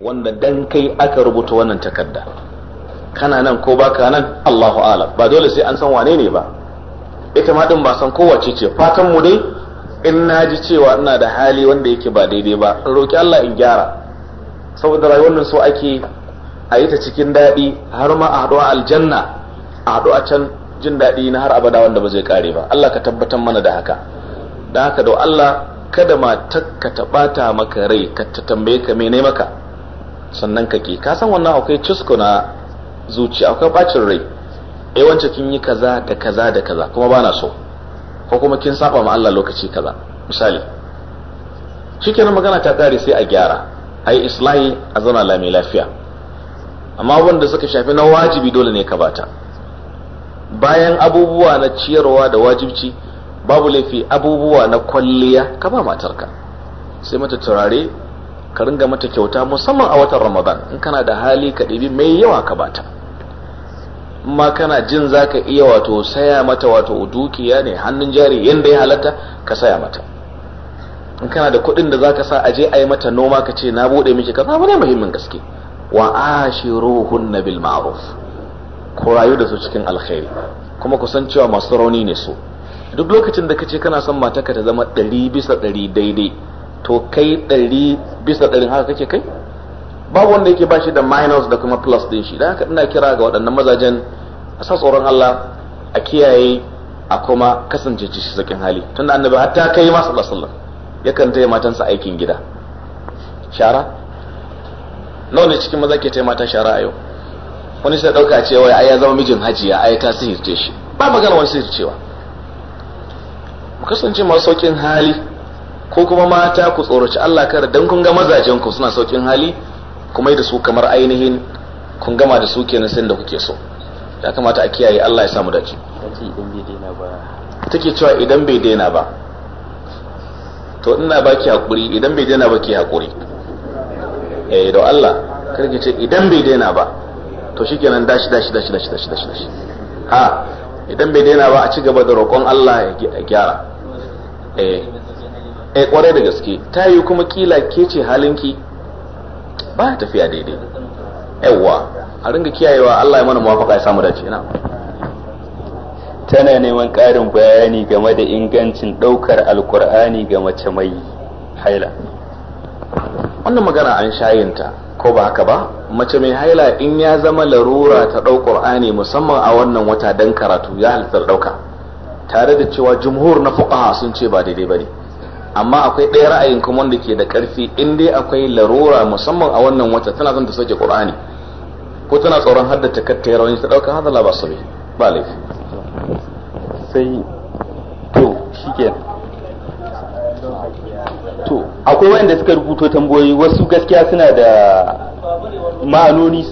wanda dan kai aka rubuta wannan takarda kana nan ko baka nan Allahu ala, ba dole sai an san wane ne ba ita ma din ba san kowace ce fatan mu dai in na ji cewa ina da hali wanda yake ba daidai ba in roki Allah in gyara saboda rayuwar nan so ake a yi ta cikin daɗi har ma a haɗu a aljanna a haɗu a can jin daɗi na har abada wanda ba zai kare ba Allah ka tabbatar mana da haka da haka da Allah kada matar ka ta maka rai ka ta tambaye ka ne maka sannan ka ke, ka san wannan akwai cusko na zuciya akwai bacin rai eh wance kin yi kaza da kaza da kaza kuma bana so ko kuma kin saba ma Allah lokaci kaza misali cikin magana ta kare sai a gyara ai islahi a zana lami lafiya amma wanda suka shafi na wajibi dole ne ka bata bayan abubuwa na ciyarwa da wajibci babu laifi abubuwa na kwalliya ka ba matarka sai mata turare ka ringa mata kyauta musamman a watan ramadan in kana da hali ka ɗibi mai yawa ka bata ma kana jin za ka iya wato saya mata wato dukiya ne hannun jari yadda ya halatta ka saya mata in kana da kuɗin da za ka sa aje a yi mata noma ka ce na buɗe miki kaza ne muhimmin gaske wa na bil ma'ruf ku rayu da su cikin alkhairi kuma ku san cewa masu rauni ne su duk lokacin da kace kana son mata ka ta zama ɗari bisa ɗari daidai to kai ɗari bisa ɗarin haka kake kai babu wanda yake shi da minus da kuma plus din shi don haka ina kira ga waɗannan mazajen a sa tsoron Allah a kiyaye a kuma kasance cikin sakin hali tunda annabi hatta kai ma sallallahu alaihi yakan taya matansa aikin gida shara nawa ne cikin maza ke taya mata shara a yau wani sai dauka ce wai ai ya zama mijin hajiya ai ta sihirce shi ba magana wani sihircewa mu kasance masu saukin hali ko kuma mata ku tsoraci Allah kar dan kun ga mazajen ku suna saukin hali kuma da su kamar ainihin kun gama da su kenan sai da kuke so ya kamata a kiyaye Allah ya samu dace take cewa idan bai daina ba to ina baki hakuri idan bai daina ba ki hakuri eh don Allah ki ce idan bai daina ba to shikenan dashi dashi dashi dashi dashi dashi dashi ha idan bai daina ba a ci gaba da roƙon Allah ya gyara eh E, kwarai da gaske ta yi kuma kila ke ce halinki ba tafiya daidai yawwa a ringa kiyayewa Allah ya mana muwafaka ya samu dace ina tana neman ƙarin bayani game da ingancin ɗaukar alkur'ani ga mace mai haila wannan magana an shayinta ko ba haka ba mace mai haila in ya zama larura ta ɗau ƙur'ani musamman a wannan wata don karatu ya halittar ɗauka tare da cewa jumhur na fuqaha sun ce ba daidai ba ne amma akwai ɗaya ra'ayin kuma wanda ke da ƙarfi in dai akwai larura musamman a wannan wata tana zan ta soke ƙur'ani ko tana tsoron haddata kattai rauni ta ɗauka hada la sabi ba laifi sai to shikenan to akwai wanda suka rubuto tambayoyi wasu gaskiya suna da ma'anoni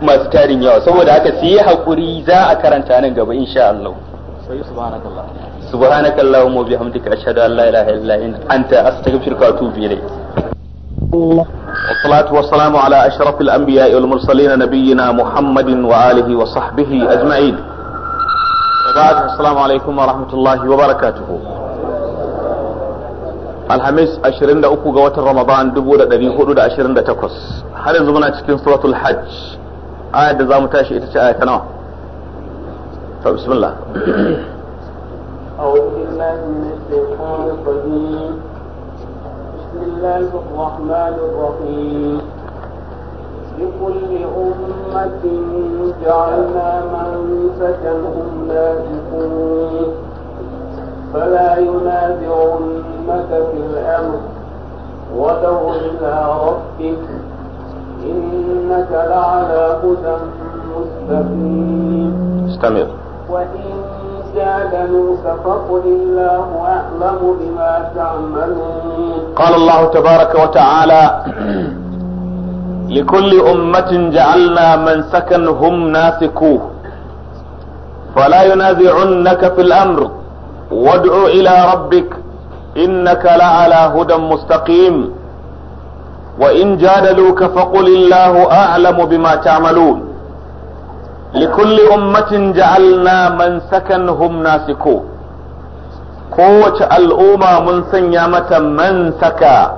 masu tarin yawa saboda haka sai yi haƙuri za a karanta nan gaba insha Allah sai subhanakallah subhanakallah wa bihamdika ashhadu an la ilaha illa anta anta astaghfiruka wa atubu ilayk salatu wa salamu ala ashrafil anbiya muhammadin wa alihi wa sahbihi ajma'in ba'd alaikum wa rahmatullahi wa barakatuh Alhamis 23 ga watan Ramadan 1428 har yanzu muna cikin suratul Hajj ayat da za mu tashi ita ce ayat nawa طيب، بسم الله أعوذ بالله من الشيطان الرجيم بسم الله الرحمن الرحيم لكل أمة جعلنا منسكا هم نازقون فلا ينازعنك في الأمر ودعو إلى ربك إنك لعلى هدى مستقيم استمر وإن تعملوا فقل الله أعلم بما تعملون قال الله تبارك وتعالى لكل أمة جعلنا من سكنهم هم ناسكوه فلا ينازعنك في الأمر وادع إلى ربك إنك لعلى هدى مستقيم وإن جادلوك فقل الله أعلم بما تعملون likulli ummatin ja'alna man sakanhum nasiko kowace al'umma mun sanya mata man saka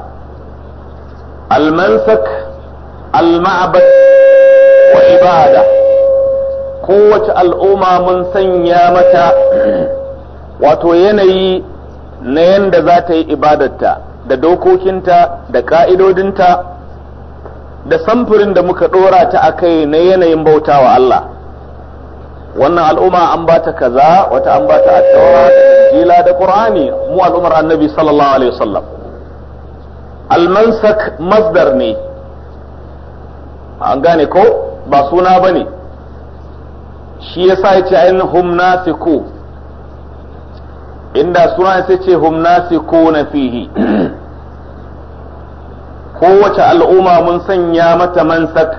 almansak alma'abad wa ibada kowace al'umma mun sanya mata wato yanayi na yanda za ta yi ibadarta da dokokinta da ka'idodinta da samfurin da muka ɗora ta a kai na yanayin bautawa Allah wannan al'umma an ba ta kaza wata an ba ta taura injila da qur'ani mu al'ummar annabi sallallahu alaihi wasallam al-mansak masdar ne an gane ko ba suna bane shi yasa yace ayin hum nasiku inda suna sai ce hum na fihi kowace al'umma mun sanya mata mansak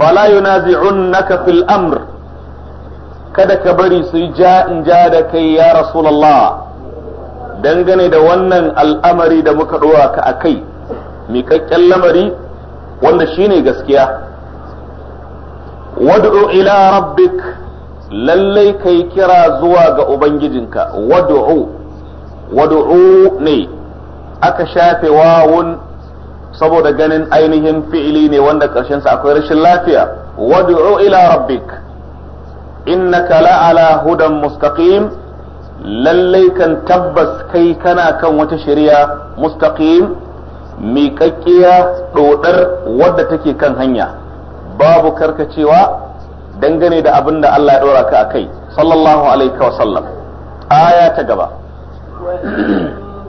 fala yunazi'unnaka fil amr kada ka bari su yi ja in ja da kai ya rasulallah, dangane da wannan al'amari da muka ɗora ka a kai miƙaƙƙen lamari wanda shi ne gaskiya wad'u ila rabbik lallai kai kira zuwa ga ubangijinka wad'u wad'u ne aka shafe wawun saboda ganin ainihin fi'ili ne wanda ƙarshensa akwai rashin lafiya wad'u ila rabbik innaka la'ala hudan mustaqim lallai kan tabbas kai kana kan wata shari'a mustaqim miƙaƙƙiya ɗodar wadda take kan hanya babu karkacewa dangane da abin da Allah ya ɗora ka a kai sallallahu alaihi wa sallam aya ta gaba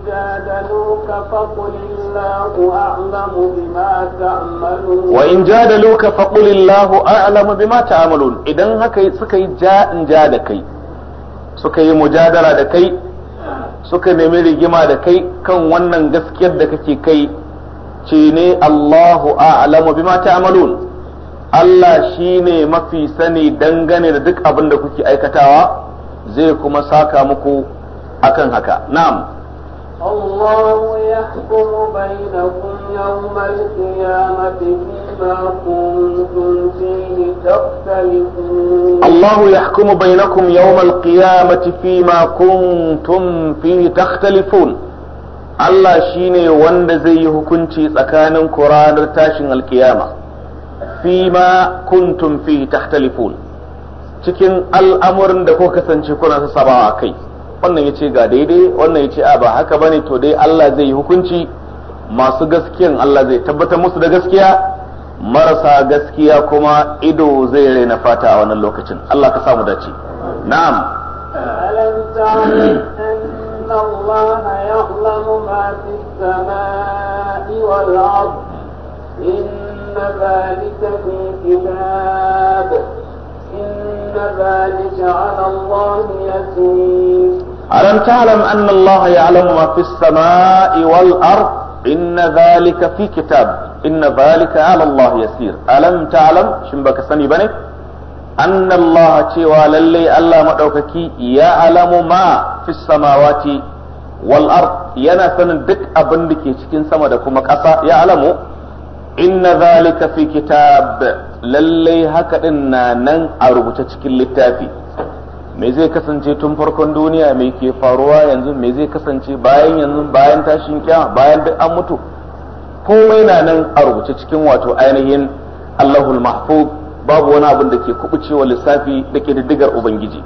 جادلوك فقل الله أعلم بما تعملون وإن جادلوك فقل الله أعلم بما تعملون إذن هكي سكي جاء جادكي سكي مجادلة دكي suka nemi rigima da kai kan wannan gaskiyar da kake kai ce ne Allahu a'lamu bima ta'malun Allah shine mafi sani dangane da duk abin da kuke aikatawa zai kuma saka muku akan haka na'am الله يحكم بينكم يوم القيامة فيما كنتم فيه تختلفون الله يحكم بينكم يوم القيامة فيما كنتم فيه تختلفون Allah shi ne wanda zai yi hukunci tsakanin ku ranar tashin alkiyama fi ma kuntum fi tahtalifun cikin al'amurin da kuka kasance kuna sabawa kai wannan ya ce ga daidai wannan ya ce a ba haka bane to dai Allah zai yi hukunci masu gaskiyan Allah zai tabbatar musu da gaskiya marasa gaskiya kuma ido zai raina fata a wannan lokacin Allah ka samu dace na'am ذلك في كتاب إن ذلك على الله يسير ألم تعلم أن الله يعلم ما في السماء والأرض إن ذلك في كتاب إن ذلك على الله يسير ألم تعلم شنبك سني بني أن الله تيوى للي ألا مدوككي يعلم ما في السماوات والأرض yana sanin duk abin da ke cikin sama da kuma ƙasa ya alamu inna zalika fi kitab lallai haka din na nan a rubuta cikin littafi me zai kasance tun farkon duniya mai ke faruwa yanzu me zai kasance bayan yanzu bayan tashin kiyama bayan duk an mutu komai na nan a rubuce cikin wato ainihin Allahul Mahfuz babu wani abin da ke kubucewa lissafi da ke diddigar ubangiji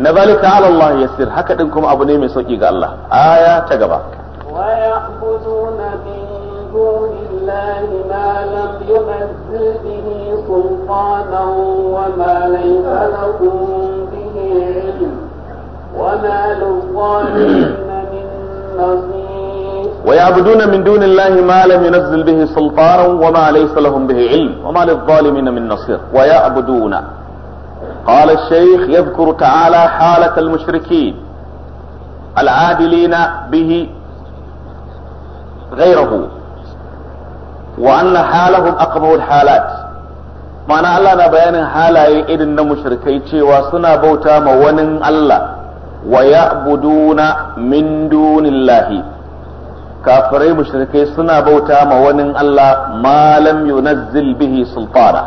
na zalika ala Allah yasir haka din kuma abu ne mai sauki ga Allah aya ta gaba wa ma laysa lahum وما للظالمين من نصير ويعبدون من دون الله ما لم ينزل به سلطانا وما ليس لهم به علم وما للظالمين من نصير ويعبدون قال الشيخ يذكر تعالى حالة المشركين العادلين به غيره وأن حالهم أقبح الحالات ma'ana Allah na bayanin halaye irin na mushrikai cewa suna bauta ma wani Allah wa ya buduna min dunillahi kafirai mushrikai suna bauta ma wani Allah malam lam yunazzil bihi sultana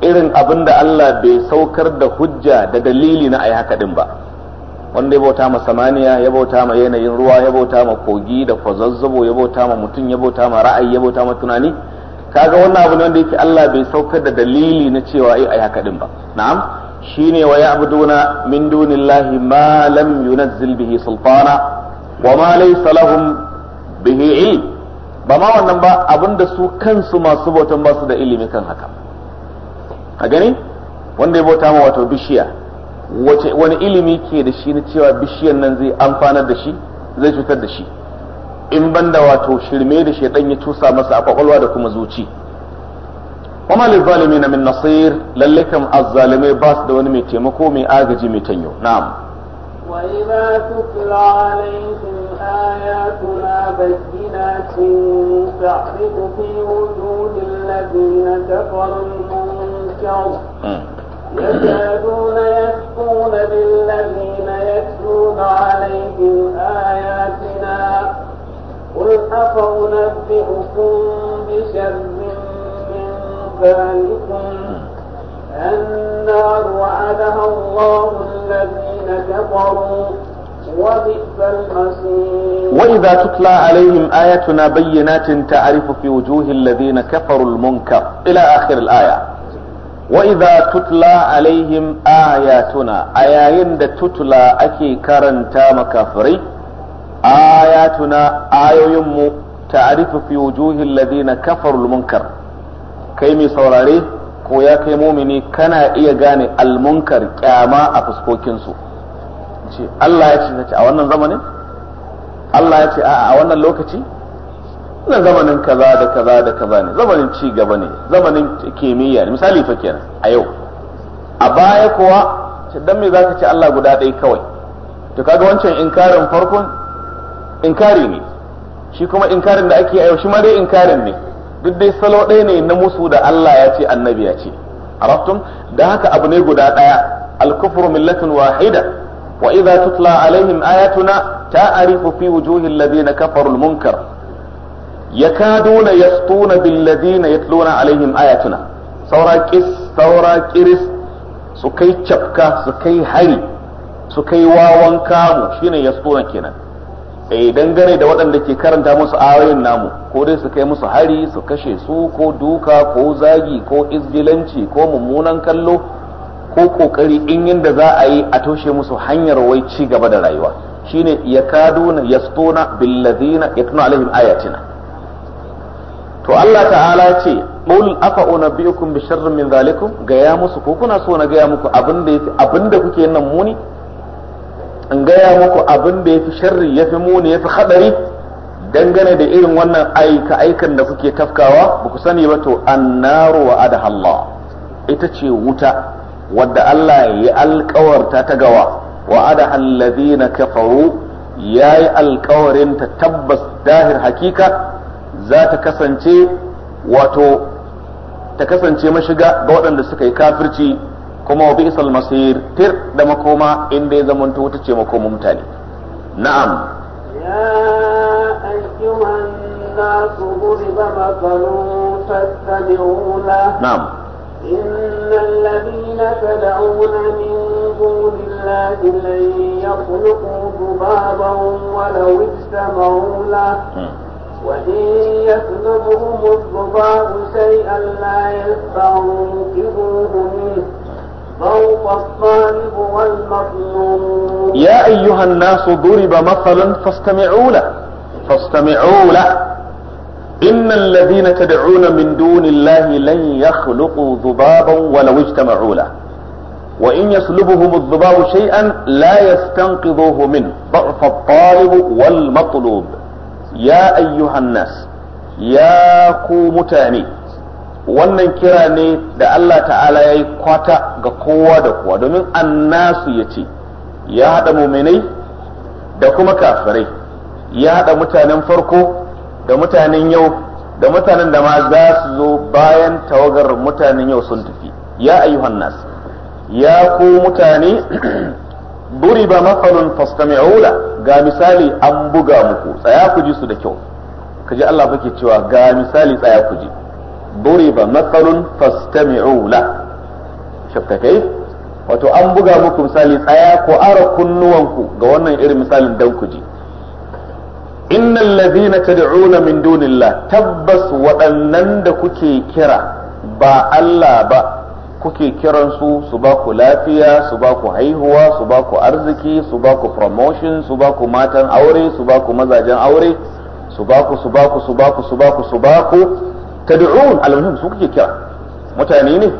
irin abin da Allah bai saukar da hujja da dalili na ai haka din ba wanda ya bauta ma samaniya ya bauta ma yanayin ruwa ya bauta ma kogi da kwazazzabo ya bauta ma mutum ya bauta ma ra'ayi ya bauta ma tunani kaga wannan abu ne wanda yake Allah bai saukar da dalili na cewa ai ai haka din ba na'am shine wa ya'buduna min dunillahi ma lam yunzil bihi sultana wa ma laysa lahum bihi ilm ba ma wannan ba abinda su kansu masu bautan ba su da ilimi kan haka a gani wanda ya bauta ma wato bishiya wace wani ilimi ke da shi na cewa bishiyan nan zai amfanar da shi zai cutar da shi in banda wato shirme da shaidan ya tusa masa a kwakwalwa da kuma zuci wa ma lizalimin min nasir lallai kam azzalimai ba su da wani mai taimako mai agaji mai tanyo na'am wa idza tutla alaihim ayatuna bayyinatin ta'rifu fi قل أفأنبئكم بشر من ذلكم النار وعدها الله الذين كفروا وإذا تتلى عليهم آياتنا بينات تعرف في وجوه الذين كفروا المنكر إلى آخر الآية وإذا تتلى عليهم آياتنا آيات تتلى أكي كرن تام ayatuna ayoyinmu ta'rifu fi wujuhil ladina kafaru munkar kai mai saurare ko ya kai mumini kana iya gane almunkar kyama a fuskokinsu ce Allah ya ce a wannan zamanin Allah ya ce a wannan lokaci zamanin kaza da kaza da kaza ne zamanin ci gaba ne zamanin kimiyya ne misali fa kenan a yau a baya kuwa dan me zaka ce Allah guda ɗaya kawai to kaga wancan inkarin farkon inkari ne shi kuma inkarin da ake yau shi ma dai inkarin ne duk dai salo ɗaya ne na musu da Allah ya ce annabi ya ce arabtum da haka abu ne guda ɗaya al millatun wahida wa idza tutla alaihim ayatuna ta'rifu fi wujuhi alladhina kafaru al-munkar yakaduna yastuna bil ladina yatluna alaihim ayatuna saura kis saura su kai cafka su kai hari su kai wawan kamu shine yastuna kenan idan eh, dangane da waɗanda ke karanta musu ayoyin namu ko dai su kai musu hari su kashe su ko duka ko zagi ko izgilanci ko mummunan kallo ko kokari in yadda za a yi a toshe musu hanyar wai ci gaba da rayuwa shine yakaduna yastuna ya tuna alaihim ayatina to Allah ta'ala ce qul afa unabbiukum bi sharrin min zalikum ga musu ko kuna so na gaya muku abinda kuke nan muni in gaya muku abin da ya fi sharri fi muni ya fi haɗari dangane da irin wannan aika aikan da kuke tafkawa ba ku sani ba to annaru wa adhalla ita ce wuta wadda Allah ya alkawarta ta gawa wa adhal na kafaru yayi alkawarin ta tabbas dahir hakika za ta kasance wato ta kasance mashiga ga waɗanda suka yi kafirci kuma wa bisal masir tir da makoma in dai zaman tuta ce makomin mutane na'am ya ayyuhan nas ghuriba makarun tattabi'una na'am inna alladhina tad'una min dunillahi lan yakhluqu dubaban hmm. wa law istama'u la وإن يسلبهم الضباب شيئا لا يستنقذوه منه يا أيها الناس ضرب مثلا فاستمعوا له فاستمعوا له إن الذين تدعون من دون الله لن يخلقوا ذبابا ولو اجتمعوا له وإن يسلبهم الذباب شيئا لا يستنقذوه منه ضعف الطالب والمطلوب يا أيها الناس يا قوم تاني wannan kira ne da Allah ta'ala ya yi kwata ga kowa da kowa domin an nasu ya ce ya haɗa muminai da kuma kafirai ya haɗa mutanen farko da mutanen yau da mutanen da ma za su zo bayan tawagar mutanen yau sun tafi ya ayi nas ya ku mutane buri duriba mafalun fastami'ula ga misali an buga muku tsaya ku ji su da kyau ka kaji Allah fake cewa ga misali tsaya ku ji duriba matsalun fastami'u la shafta kai wato an buga muku misali tsaya ko ara kunnuwanku ga wannan irin misalin dan ku ji innal ladhina tad'una min dunillah tabbas waɗannan da kuke kira ba Allah ba kuke kiran su su ba ku lafiya su ba ku haihuwa su ba ku arziki su ba ku promotion su ba ku matan aure su ba ku mazajen aure su su ba ku su ba ku su ba ku su ba ku tad'un al-muhim su kuke kira mutane ne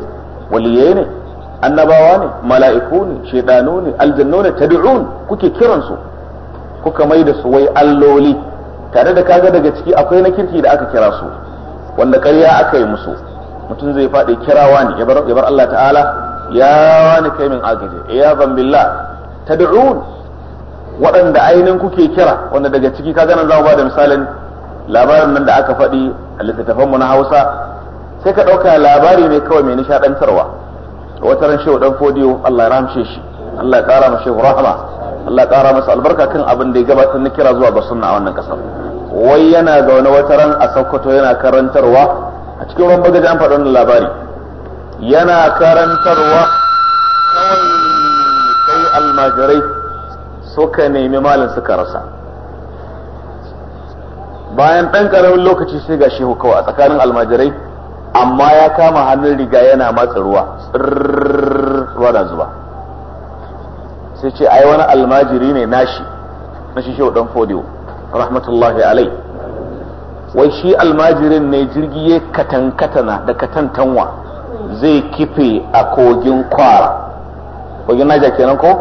waliye ne annabawa ne mala'iku ne shedanu ne aljannu ne tad'un kuke kiran su kuka mai da su wai alloli tare da kaga daga ciki akwai na kirki da aka kira su wanda ƙarya aka yi musu mutum zai faɗi kirawa ne ya bar Allah ta'ala ya wani kai min agaje ya zambilla tad'un waɗanda ainihin kuke kira wanda daga ciki kaga nan za mu ba da misalin labarin nan da aka faɗi a littattafan mu na Hausa sai ka ɗauka labari ne kawai mai nishaɗantarwa wata ran shehu ɗan fodiyo Allah ya ramshe shi Allah ya ƙara masa shehu rahama Allah ya ƙara masa albarka kan abin da ya gabatar na kira zuwa ga sunna a wannan ƙasar wai yana wani wata ran a Sokoto yana karantarwa a cikin ruwan bagaji an faɗi wannan labari yana karantarwa kawai sai almajirai suka nemi malin suka rasa bayan ɗan ƙaramin lokaci sai ga shehu kawai a tsakanin almajirai amma ya kama hannun riga yana matsa ruwa ruwa na zuba sai ce ai wani almajiri ne nashi na shi shehu ɗan fodiyo rahmatullahi alai wai shi almajirin ne jirgi ya katankatana da katantanwa zai kife a kogin kwara kogin naja kenan ko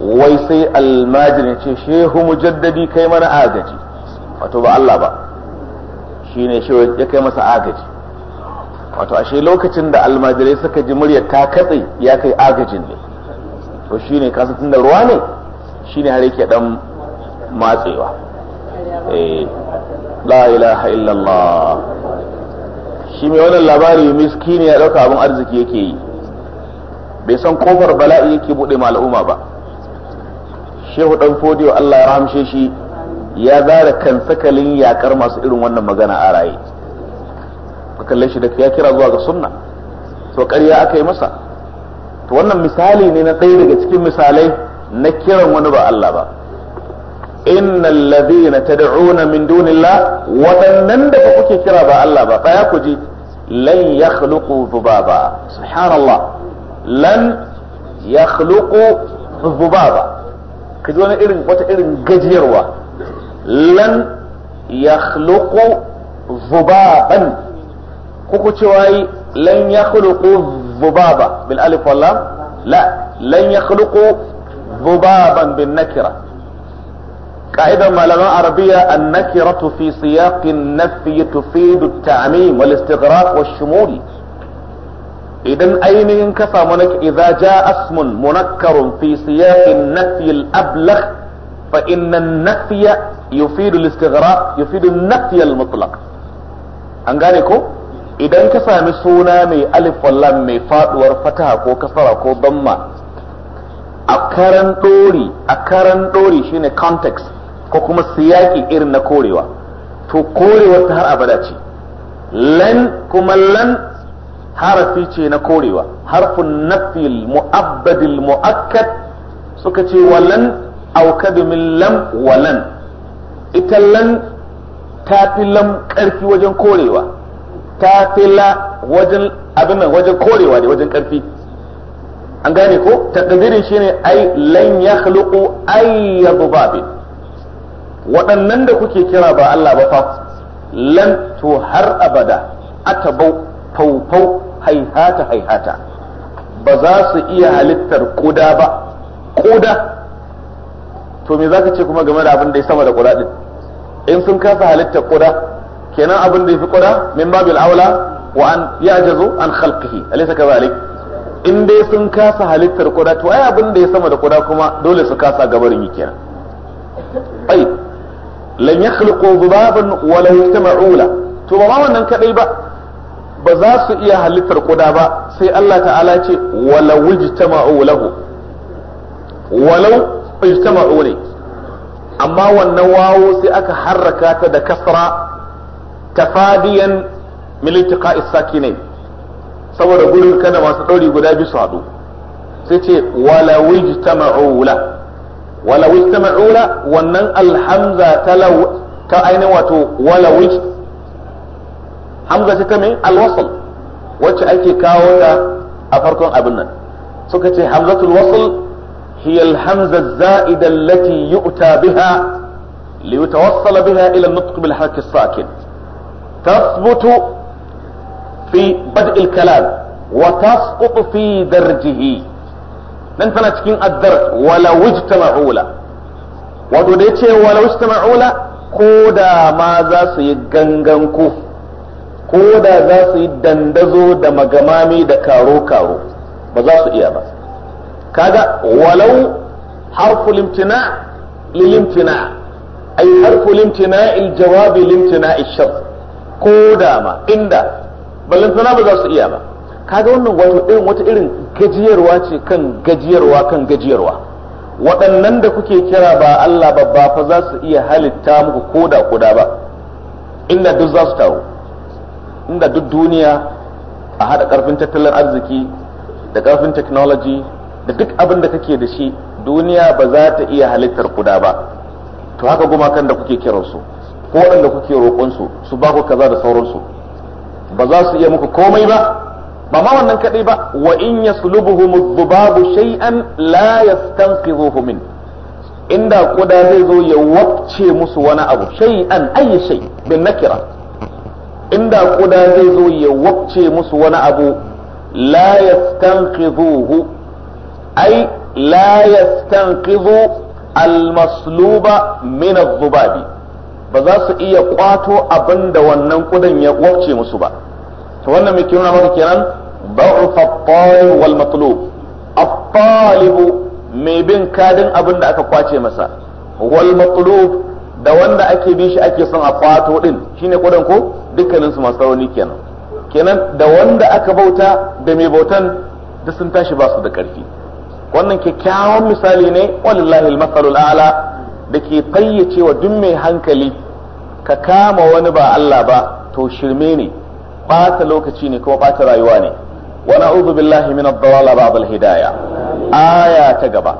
wai sai almajirin ce shehu mujaddadi kai mana agaji wato ba Allah ba shi ne shi ya kai masa agaji wato ashe lokacin da almajirai suka ji muryar ta katse ya kai agajin ne to shi ne kasa da ruwa ne shi ne har yake dan matsewa eh, la ilaha illallah shi mai wannan labari ne ya dauka abin arziki yake yi bai san kofar bala'i yake bude ma al'umma ba shehu dan fodiyo Allah ya ramshe shi ya zara kan sakalin yakar masu irin wannan magana a raye kalle shi da ya kira zuwa ga sunna to ƙarya aka yi masa to wannan misali ne na ɗaya daga cikin misalai na kiran wani ba Allah ba inna alladhina tad'una min dunillah waɗannan da kuke kira ba Allah ba tsaya ku ji lan yakhluqu dhubaba subhanallah lan yakhluqu dhubaba kaji wani irin wata irin gajiyarwa lan yakhluqu zubaban kuku cewa لن lan ذبابا zubaba bil alif wal lam la lan yakhluqu zubaban bin nakira قاعدة عربية النكرة في سياق النفي تفيد التعميم والاستغراق والشمول إذا أين كفى منك إذا جاء اسم منكر في سياق النفي الأبلغ فإن النفي yufidu al-istighraq yufidu an an gane ko idan ka sami suna mai alif mai faduwar fataha ko kasara ko damma a karan dori a karan dori shine context ko kuma siyaki irin na korewa to korewar ta har abada ce lan kuma lan harafi ce na korewa harfun nafil mu'abbadil mu'akkad suka ce walan aukadu min lam walan ita lan ta fi lan ƙarfi wajen korewa ta fi la wajen abin wajen korewa ne wajen ƙarfi an gane ko takdirin shine ai lan ya khluqu ay yadbabi waɗannan da kuke kira ba Allah ba fa lan to har abada atabau faufau haihata haihata ba za su iya halittar koda ba koda to me zaka ce kuma game da abin da ya sama da kuda din in sun kasa halitta kuda kenan abin da fi kuda min babil aula wa an ya'jazu an khalqihi alaysa kadhalik in dai sun kasa halittar kuda to ai abin da ya sama da kuda kuma dole su kasa gabarin yi kenan ai lan yakhluqu dhubaban wa la yajtama'u la to ba wannan kadai ba ba za su iya halittar kuda ba sai Allah ta'ala ce wala wujtama'u lahu walau ijtama'u ne amma wannan wawo sai aka harraka ta da kasra tafadiyan min iltiqa'i sakinain saboda gurin kada masu dauri guda biyu su hadu sai ce wala ijtama'u la wala ijtama'u la wannan alhamza ta ta ainihin wato wala hamza ce ta mai alwasl wacce ake kawo ta a farkon abin nan suka ce hamzatul wasl هي الهمزة الزائدة التي يؤتى بها ليتوصل بها إلى النطق بالحركة الساكن تثبت في بدء الكلام وتسقط في درجه من فلا تكين الدرج ولو اجتمعوا له ودوديتي ولو اجتمعوا له كودا ماذا سيقنقنكو كودا ذا سيدندزو دمقمامي دكارو كارو ايا إيابا kaga walau harful imtina lil imtina ay harful imtina il jawabi lil imtina shart ko da ma inda ballan sana ba za su iya ba kaga wannan wato din wata irin gajiyarwa ce kan gajiyarwa kan gajiyarwa waɗannan da kuke kira ba Allah ba ba fa za su iya halitta muku koda koda ba inda duk za su taru inda duk duniya a haɗa ƙarfin tattalin arziki da ƙarfin technology da duk abin da kake da shi duniya ba za ta iya halittar kuda ba to haka gumakan da kuke kiransu ko waɗanda kuke roƙonsu su ba ku kaza da sauransu ba za su iya muku komai ba ba ma wannan kadai ba wa in yaslubuhum adh-dhubabu shay'an la yastanqidhuhu min inda kuda zai zo ya wabce musu wani abu shay'an ayi shay bin nakira inda kuda zai zo ya wabce musu wani abu la yastanqidhuhu ai la yastanqidhu almasluba min adh-dhubabi ba za su iya kwato abinda wannan kudan ya wabce musu ba to wannan muke nuna maka kenan ضعف الطالب والمطلوب الطالب mai bin kadin abin da aka kwace masa wal matlub da wanda ake bi shi ake son a kwato din shine kudan ko dukkanin su masu rauni kenan kenan da wanda aka bauta da mai bautan duk sun tashi ba su da karfi wannan kyakkyawan misali ne walillahi al-masalul a'la ke fayyace wa duk mai hankali ka kama wani ba Allah ba to shirme ne bata lokaci ne kuma bata rayuwa ne wa na'udhu billahi min ad-dawala ba'd al aya ta gaba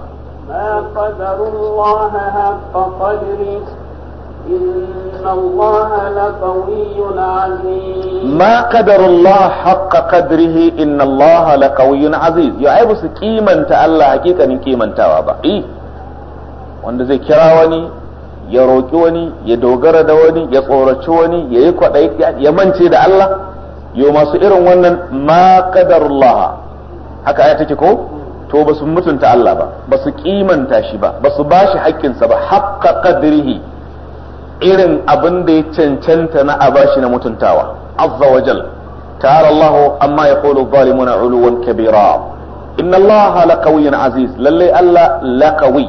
إن الله لقوي عزيز ما قدر الله حق قدره إن الله لقوي عزيز يا أبو سكيما تألا حقيقة wanda zai kira wani ya roƙi wani ya dogara da wani ya tsoraci wani ya yi kwaɗayi ya mance da Allah yo masu irin wannan ma qadarullah haka ya take ko to ba su mutunta Allah ba ba su kimanta shi ba ba su bashi haƙƙinsa ba Haƙa qadrihi irin abin da ya cancanta na abashi na mutuntawa azza wajal ta'ala Allah amma yaqulu zalimuna uluwan kabira inna Allah aziz lalle Allah laqawi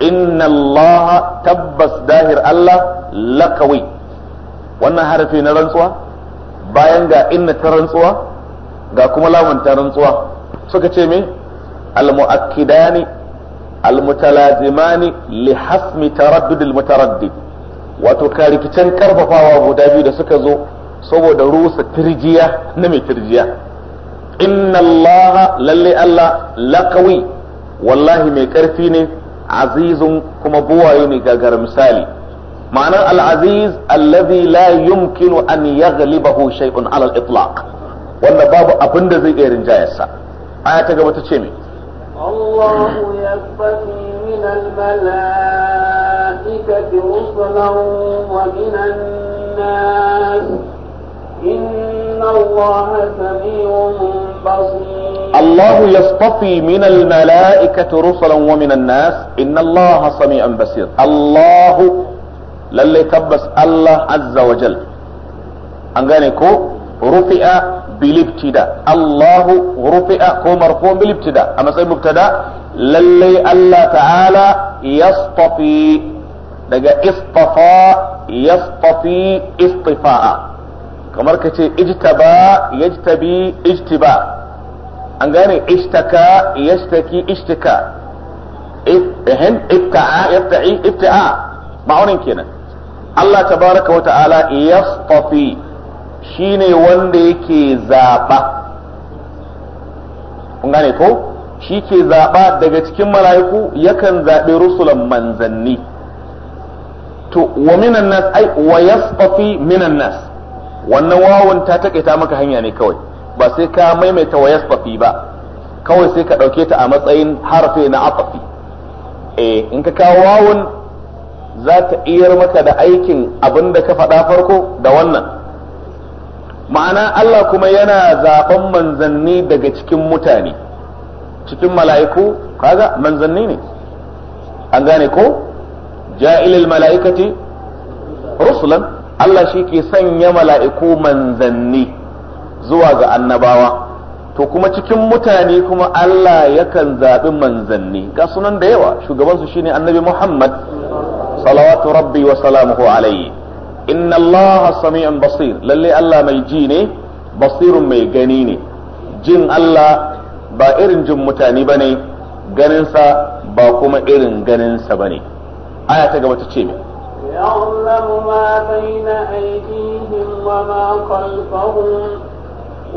inna Allah tabbas dahir Allah laqawi wannan harfi na rantsuwa bayan ga inna ta rantsuwa ga kuma lamun ta rantsuwa suka ce me al-mu'akkidani al-mutalazimani li hasmi taraddudil mutaraddid wato karikicen karfafawa guda biyu da suka zo saboda rusa tirjiya na mai tirjiya inna Allah lalle Allah laqawi wallahi mai karfi ne azizun kuma buwaye ne gagar misali ma'anar al-aziz allazi la yumkinu an yaghlibahu shay'un ala al-itlaq wanda babu abin da zai iya rinjayarsa aya ta gaba ta ce me Allahu yakfani min al-malaa الملائكة رسلا ومن الناس إن الله سميع بصير الله يصطفي من الملائكة رسلا ومن الناس إن الله سميع بصير الله للي تبس الله عز وجل أنغانيكو رفئ بالابتداء الله رفئ كو مرفوع بالابتداء أما سيد مبتدأ للي الله تعالى يصطفي daga istafa yastafi istifa'a kamar ka ce ijtaba yajtabi ijtiba an gane ishtaka yastaki ishtika ihin ibta'a yabta'i ibta'a ma'aunin kenan Allah tabaraka wa ta'ala yastafi shine wanda yake zaba kun gane ko shi ke zaba daga cikin mala'iku yakan zaɓi rusulan manzanni to wa minan nas ai wa yasqafi minan nas wannan wawun ta takaita maka hanya ne kawai ba sai ka maimaita wa yasqafi ba kawai sai ka dauke ta a matsayin harfe na afafi eh in ka kawo wawun za ta iyar maka da aikin abin da ka faɗa farko da wannan ma'ana Allah kuma yana zafan manzanni daga cikin mutane cikin mala'iku kaga manzanni ne an gane ko ja'ilil mala'ikati rusulan Allah shi ke sanya mala'iku manzanni zuwa ga annabawa to kuma cikin mutane kuma Allah yakan zaɓi manzanni ga sunan da yawa shugabansu shine annabi Muhammad salawatu rabbi wa salamuhu alayhi inna Allah basir lalle Allah mai ji ne basirun mai gani ne jin Allah ba irin jin mutane bane ganinsa ba kuma irin ganinsa bane aya ta gaba ta ce me يعلم ما بين أيديهم وما خلفهم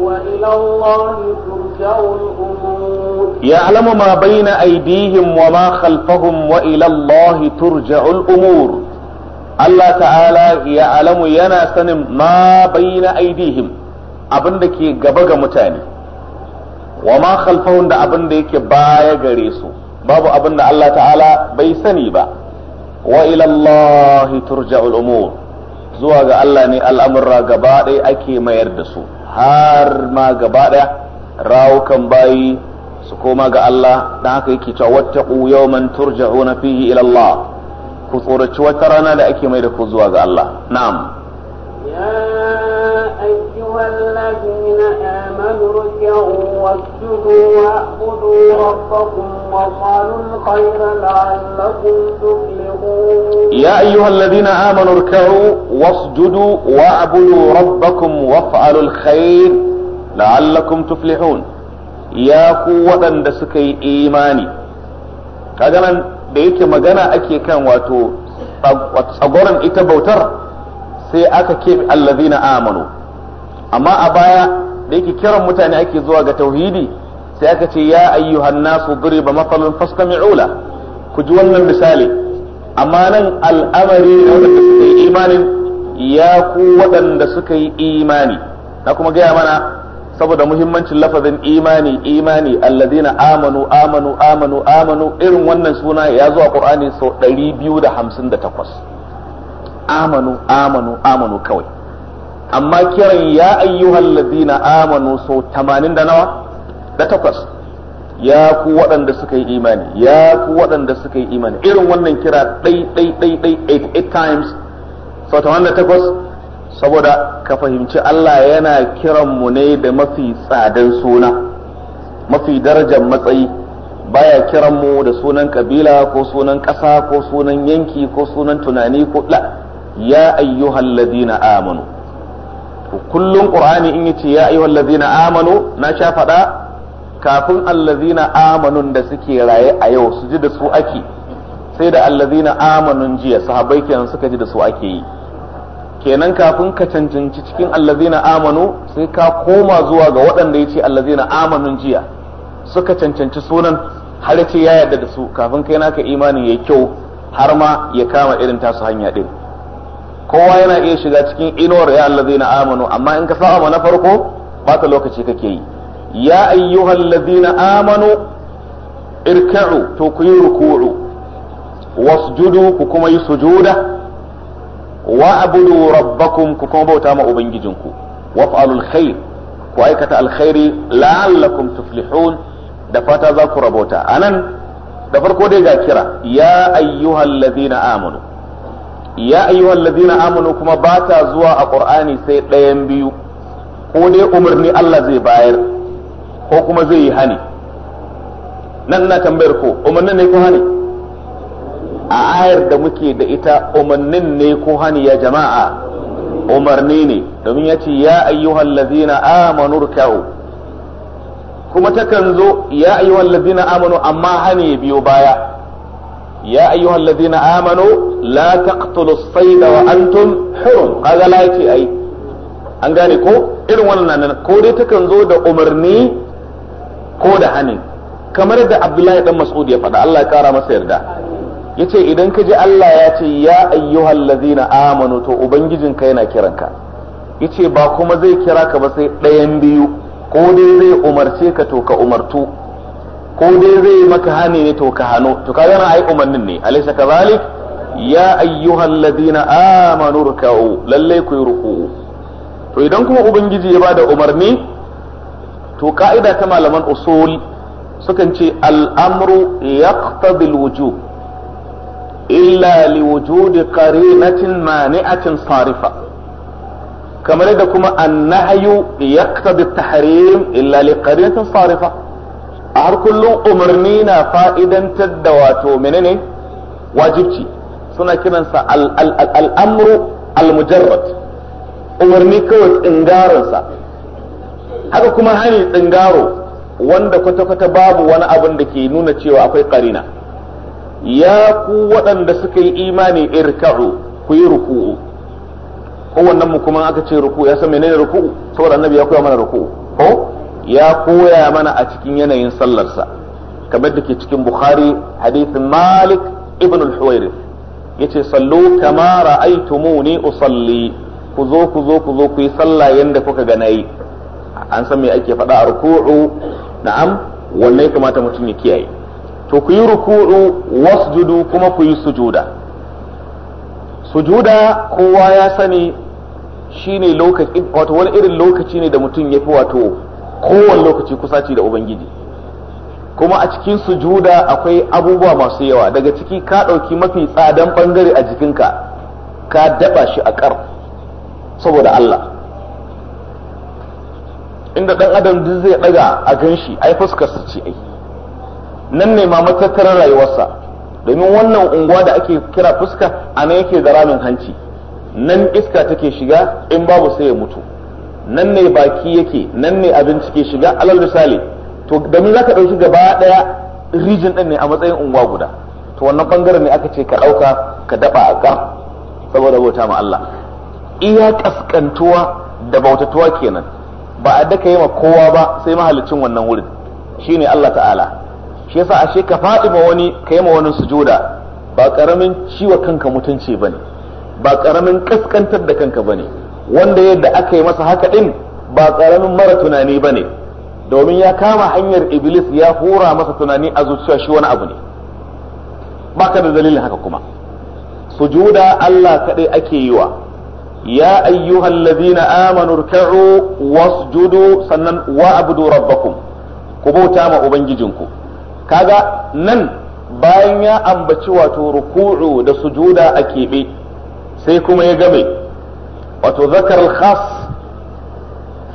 وإلى الله ترجع الأمور يعلم ما بين أيديهم وما خلفهم وإلى الله ترجع الأمور Allah ta'ala ya alamu yana sanin ma bayyana aidihim abin da ke gaba ga mutane wa ma khalfahun da abin da yake baya gare su babu abin da Allah ta'ala bai sani ba wa ila Allah turja'ul zuwa ga Allah ne al'amurra gaba ɗaya ake mayar da su har ma gaba ɗaya rawukan bayi su koma ga Allah dan haka yake cewa wattaqu yawman turja'una fihi ila Allah ku tsoraci wata rana da ake mai da ku zuwa ga Allah na'am أن ارجعوا واسجدوا واعبدوا ربكم وافعلوا الخير لعلكم تفلحون يا أيها الذين آمنوا اركعوا واسجدوا واعبدوا ربكم وافعلوا الخير لعلكم تفلحون يا قوة دسكي إيماني كذا da yake magana ake kan wato tsagoron ita bautar sai aka keɓe allazina amanu amma a baya da yake kiran mutane ake zuwa ga tauhidi sai aka ce ya ayyuhan nasu duriba mafalun fastami'u ku ji wannan misali amma nan al'amari da wanda suka yi imanin ya ku waɗanda suka yi imani na kuma gaya mana saboda muhimmancin lafazin imani imani alladina amanu amanu amanu amanu irin wannan suna ya zuwa qur'ani sau 258 amanu amanu amanu kawai amma kiran ya ayyuhal ladina amanu so 80 da nawa da takwas ya ku waɗanda suka yi imani ya ku waɗanda suka yi imani irin wannan kira ɗai ɗai ɗai ɗai 88 times so takwas saboda ka fahimci Allah yana kiran mu ne da mafi tsadan suna mafi darajar matsayi baya kiran mu da sunan kabila ko sunan ƙasa ko sunan yanki ko sunan tunani ko la ya ayyuhal ladina amanu kullum qur'ani in yace ya ayyuhal Allazina amanu na sha faɗa kafin allazina amanun da suke raye a yau su ji da su ake sai da allazina amanun jiya sahabbai kenan suka ji da su ake yi kenan kafin ka cancanci cikin allazina amanu sai ka koma zuwa ga waɗanda yace ce allazina amanun jiya suka cancanci sunan har ce ya yarda da su kafin kai naka imanin ya kyau har ma ya kama irin tasu hanya ɗin kowa yana iya shiga cikin inuwar ya na amanu amma in ka saba na farko bata lokaci kake yi ya ayyuhal na amanu irka'u to ku yi ruku'u wasjudu ku kuma yi sujuda wa abudu rabbakum ku kuma bauta ma ubangijinku waf'alul khair ku aikata alkhairi la'allakum tuflihun da fata za ku rabota anan da farko dai ga kira ya ayyuhal na amanu ya ayyuhal ladina amanu kuma ba ta zuwa a qur'ani sai ɗayan biyu ko dai umarni Allah zai bayar ko kuma zai yi hani nan na tambayar ko umarnin ne ko hani a ayar da muke da ita umarnin ne ko hani ya jama'a umarni ne domin ya ce ya ayyuhal ladina amanu rka'u kuma takan zo ya ayyuhal ladina amanu amma hani biyo baya يا أيها الذين آمنوا لا تقتلوا الصيد وأنتم حرم هذا لا يتي أي an gane ko irin wannan ko dai takan zo da umarni ko da hani kamar da abdullahi dan mas'ud ya faɗa Allah ya kara masa yarda yace idan ka Allah ya ce ya ayyuhal ladzina amanu to ka yana kiranka yace ba kuma zai kira ka ba sai ɗayan biyu ko dai zai umarce ka to ka umartu ko dai zai maka hani ne to ka hano to kaga ai umannin ne alaysa kadhalik ya ayyuhal ladina amanu ruk'u lalle ku ruku to idan kuma ubangiji ya bada umarni to ka'ida ta malaman usul sukan ce al'amru yaqtadi al illa liwujudi qarinatin mani'atin sarifa kamar da kuma annahyu yaqtadi at-tahrim illa liqarinatin sarifa a har kullum umarni na fa'idantar da wato menene wajibci suna kiransa al'amru al umarni kawai tsingarinsa haka kuma hani tsingaro wanda kwata-kwata babu wani abin da ke nuna cewa akwai karina ya ku waɗanda suka yi imani irka'u ku yi ruku'u kowannen mu kuma aka ce ruku'u ya san menene ruku'u saboda annabi ya koya mana ruku'u ko ya koya mana a cikin yanayin sallarsa kamar da ke cikin bukhari hadithin malik ibn al-huwairith yace sallu kama ra'aytumuni usalli ku zo ku zo ku zo ku yi sallah yanda kuka ga nayi an san me ake faɗa a ruku'u na'am wannan kamata mutum ya kiyaye to ku yi ruku'u wasjudu kuma ku yi sujuda sujuda kowa ya sani shine lokaci wato wani irin lokaci ne da mutum ya fi wato kowane lokaci kusa ce da ubangiji kuma a cikin sujuda akwai abubuwa masu yawa daga ciki ka ɗauki mafi tsadan ɓangare a jikinka ka daɓa shi a ƙar saboda Allah inda ɗan adam duk zai ɗaga a gan shi ai fuskarsa ce ai nan ne ma matattarar rayuwarsa domin wannan unguwa da ake kira fuska a nan yake da ramin hanci nan iska take shiga in babu sai ya mutu nan ne baki yake nan ne abinci ke shiga alal misali to domin zaka dauki gaba daya rijin din ne a matsayin unguwa guda to wannan bangaren ne aka ce ka dauka ka daba a ka saboda bauta ma Allah iya kaskantuwa da bautatuwa kenan ba a daka yi kowa ba sai mahalicin wannan wurin shine Allah ta'ala shi yasa ashe ka faɗi ma wani ka yi ma wani sujuda ba karamin ciwa kanka mutunci bane ba karamin kaskantar da kanka bane wanda yadda aka yi masa haka ɗin ba tsaranin mara tunani ba ne domin ya kama hanyar iblis ya hura masa tunani a zuciya shi wani abu ne baka da dalilin haka kuma sujuda Allah kaɗai ake yi wa ya ayyuhan ladina amanu wasu wasjudu sannan wa wa'budu rabbakum ku bauta ma ubangijinku kaga nan bayan ya ambaci wato ruku'u da sujuda a keɓe sai kuma ya game wato zakar al-khas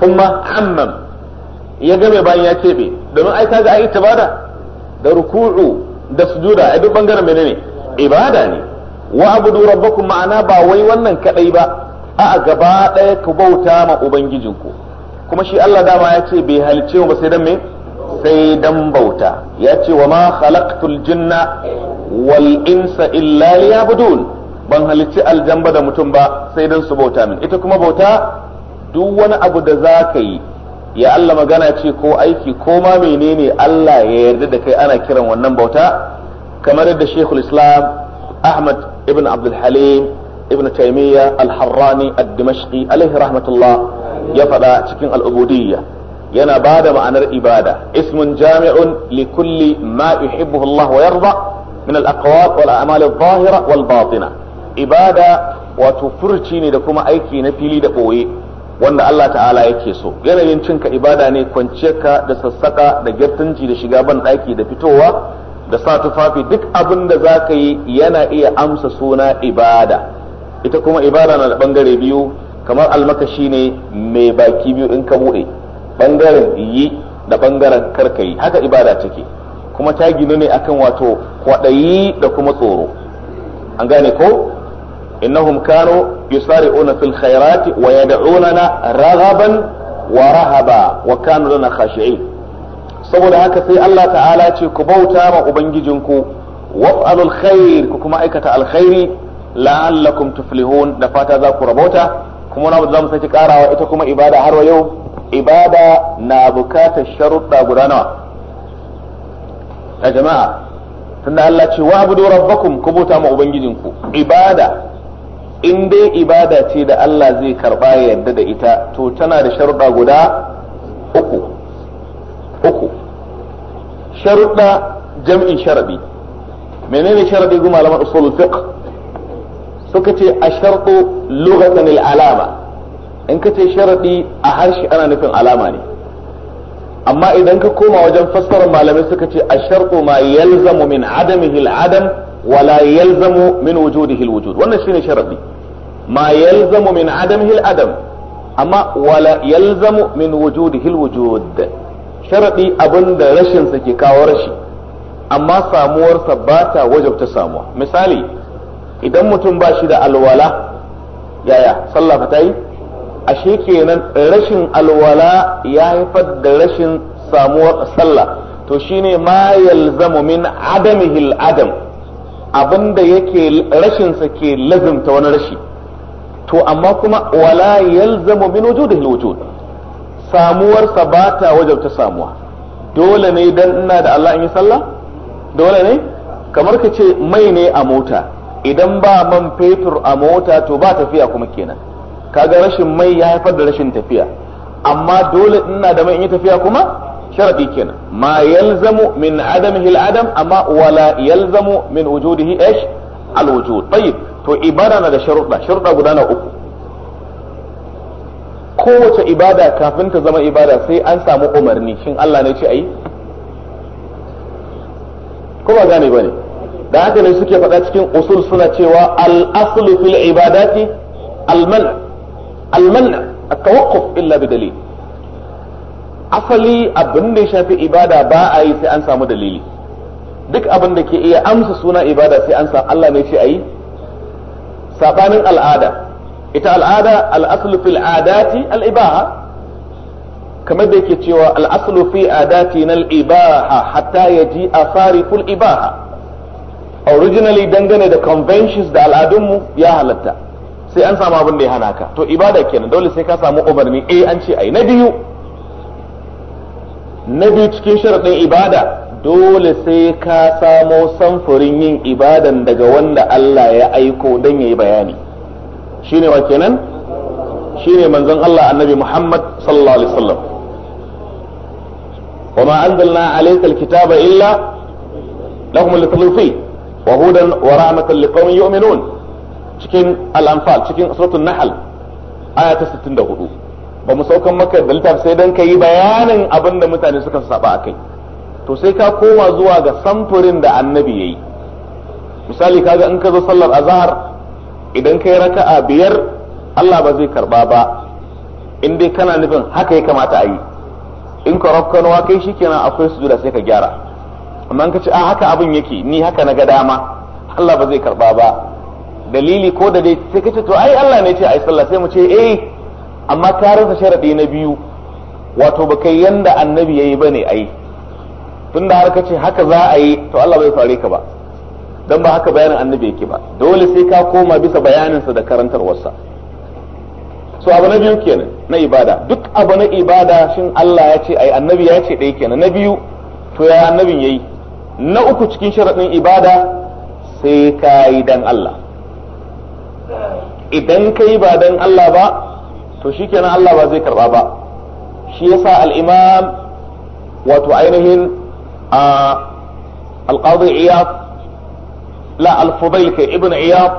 kuma hammam ya game bayan ya kebe domin ai kaga ai ibada da ruku'u da sujuda a duk bangaren menene ibada ne wa abudu rabbakum ma'ana ba wai wannan kadai ba a'a gaba daya ku bauta ma ubangijinku kuma shi Allah dama ya ce bai halice ba sai dan me sai dan bauta ya ce wa ma khalaqtul jinna wal insa illa liyabudun ban halicci aljamba da mutum ba sai dan su bauta min ita kuma bauta duk wani abu da za ka yi ya Allah magana ce ko aiki ko ma menene Allah ya yarda da kai ana kiran wannan bauta kamar yadda Sheikhul Islam Ahmad ibn Abdul Halim ibn Taymiyyah Al-Harrani Ad-Dimashqi alaihi rahmatullah ya faɗa cikin al-ubudiyya yana ba da ma'anar ibada ismun jami'un li kulli ma yuhibbuhu Allah wa yarda min al-aqwal wal a'mal adh-dhahira wal batina ibada wato furci ne da kuma aiki na fili da ɓoye wanda Allah ta'ala yake so yanayin cinka ibada ne kwanciyarka da sassaka da gyartanci da shiga ban ɗaki da fitowa da sa tufafi duk abin da za ka yi yana iya amsa suna ibada ita kuma ibada na da ɓangare biyu kamar almakashi ne mai baki biyu in ka buɗe ɓangaren yi da ɓangaren karka yi haka ibada take kuma ta ginu ne akan wato kwaɗayi da kuma tsoro an gane ko innahum kanu yusari'una fil khairati wa yad'unana raghaban wa rahaba wa kanu lana khashi'in saboda haka sai Allah ta'ala ce ku bauta ma ubangijinku waf'alul khair ku kuma aikata alkhairi la'allakum tuflihun da fata za ku rabota kuma na za mu sake karawa ita kuma ibada har yau ibada na bukatar sharuɗa guda nawa a jama'a tunda Allah ce wa abudu rabbakum ku bauta ma ubangijin ku ibada in dai ibada ce da Allah zai karba ya yarda da ita to tana da sharuɗa guda uku uku sharuɗa jam'i, sharaɗi menene sharaɗi ga malaman usulul fiqh suka ce a sharɗu lughatan alama in ka ce sharaɗi a harshe ana nufin alama ne amma idan ka koma wajen fassarar malamai suka ce a sharɗu ma yalzamu min adamihi al'adam wala yalzamu min wujudihi alwujud wannan shine sharadi ma yalzamu min adamihi aladam amma wala yalzamu min wujudihi alwujud sharadi abinda rashin sa ke kawo rashi amma samuwar bata ba ta wajabta samuwa misali idan mutum bashi da alwala yaya sallah fa tayi ashe kenan rashin alwala ya haifar da rashin samuwar sallah to shine ma min adamihi aladam abinda yake rashinsa ke lazimta wani rashi to amma kuma wala yalzamu min wujudihi wujud samuwarsa ba ta wajabta samuwa dole ne dan ina da Allah in yi sallah dole ne kamar ka ce mai ne a mota idan ba man fetur a mota to ba tafiya kuma kenan kaga rashin mai ya haifar da rashin tafiya amma dole ina da mai in yi tafiya kuma sharadi kenan ma yalzamu min adamihi al-adam amma wala yalzamu min wujudihi ash al-wujud to ibada na da sharuɗa sharuɗa guda na uku kowace ibada kafin ta zama ibada sai an samu umarni shin Allah ne ce ayi ko ba gane bane da haka ne suke faɗa cikin usul suna cewa al-aslu fil ibadati al-man' al-man' at-tawaqquf illa bi dalil asali abin da ya shafi ibada ba a yi sai an samu dalili duk abin da ke iya amsa suna ibada sai an samu Allah ne ce a yi sabanin al'ada ita al'ada al'aslu fil adati al'ibaha kamar da yake cewa al'aslu fi adati na ibaha hatta ya ji a fariful ibaha originally dangane da conventions da al'adunmu ya halatta sai an samu abin da ya hana ka to ibada kenan dole sai ka samu umarni eh an ce yi na biyu na biyu cikin sharaɗin ibada dole sai ka samo samfurin yin ibadan daga wanda Allah ya aiko don ya yi bayani shine wa kenan shine manzon Allah annabi Muhammad sallallahu alaihi wasallam وما أنزلنا عليك الكتاب إلا لهم للتلفي وهدى ورحمة لقوم يؤمنون cikin al'amfal cikin suratul nahal aya ta 64 ba mu saukan maka da littafi sai ka yi bayanin abin da mutane suka saba kai, to sai ka koma zuwa ga samfurin da annabi ya yi. misali kaga in ka zo sallar azhar idan kai raka'a biyar Allah ba zai karba ba in dai kana nufin haka ya kamata a yi in ka rafkanwa kai shikenan akwai sujuda sai ka gyara amma ka ce a haka abin yake ni haka na ga dama Allah ba zai karba ba dalili ko da dai sai ka ce to ai Allah ne ce ai sallah sai mu ce eh amma ka rasa sharadi na biyu wato ba kai yanda annabi yayi a yi tunda har ka ce haka za a yi to Allah bai saurare ka ba dan ba haka bayanin annabi yake ba dole sai ka koma bisa bayaninsa da karantarwarsa so abu na biyu kenan na ibada duk abu na ibada shin Allah ya ce ai annabi ya ce ɗaya kenan na biyu to ya annabin yayi na uku cikin sharaɗin ibada sai ka yi dan Allah idan ka ba dan Allah ba to shikenan Allah ba zai karba ba shi yasa al-imam wato ainihin a al-qadi la al kai ibn iyad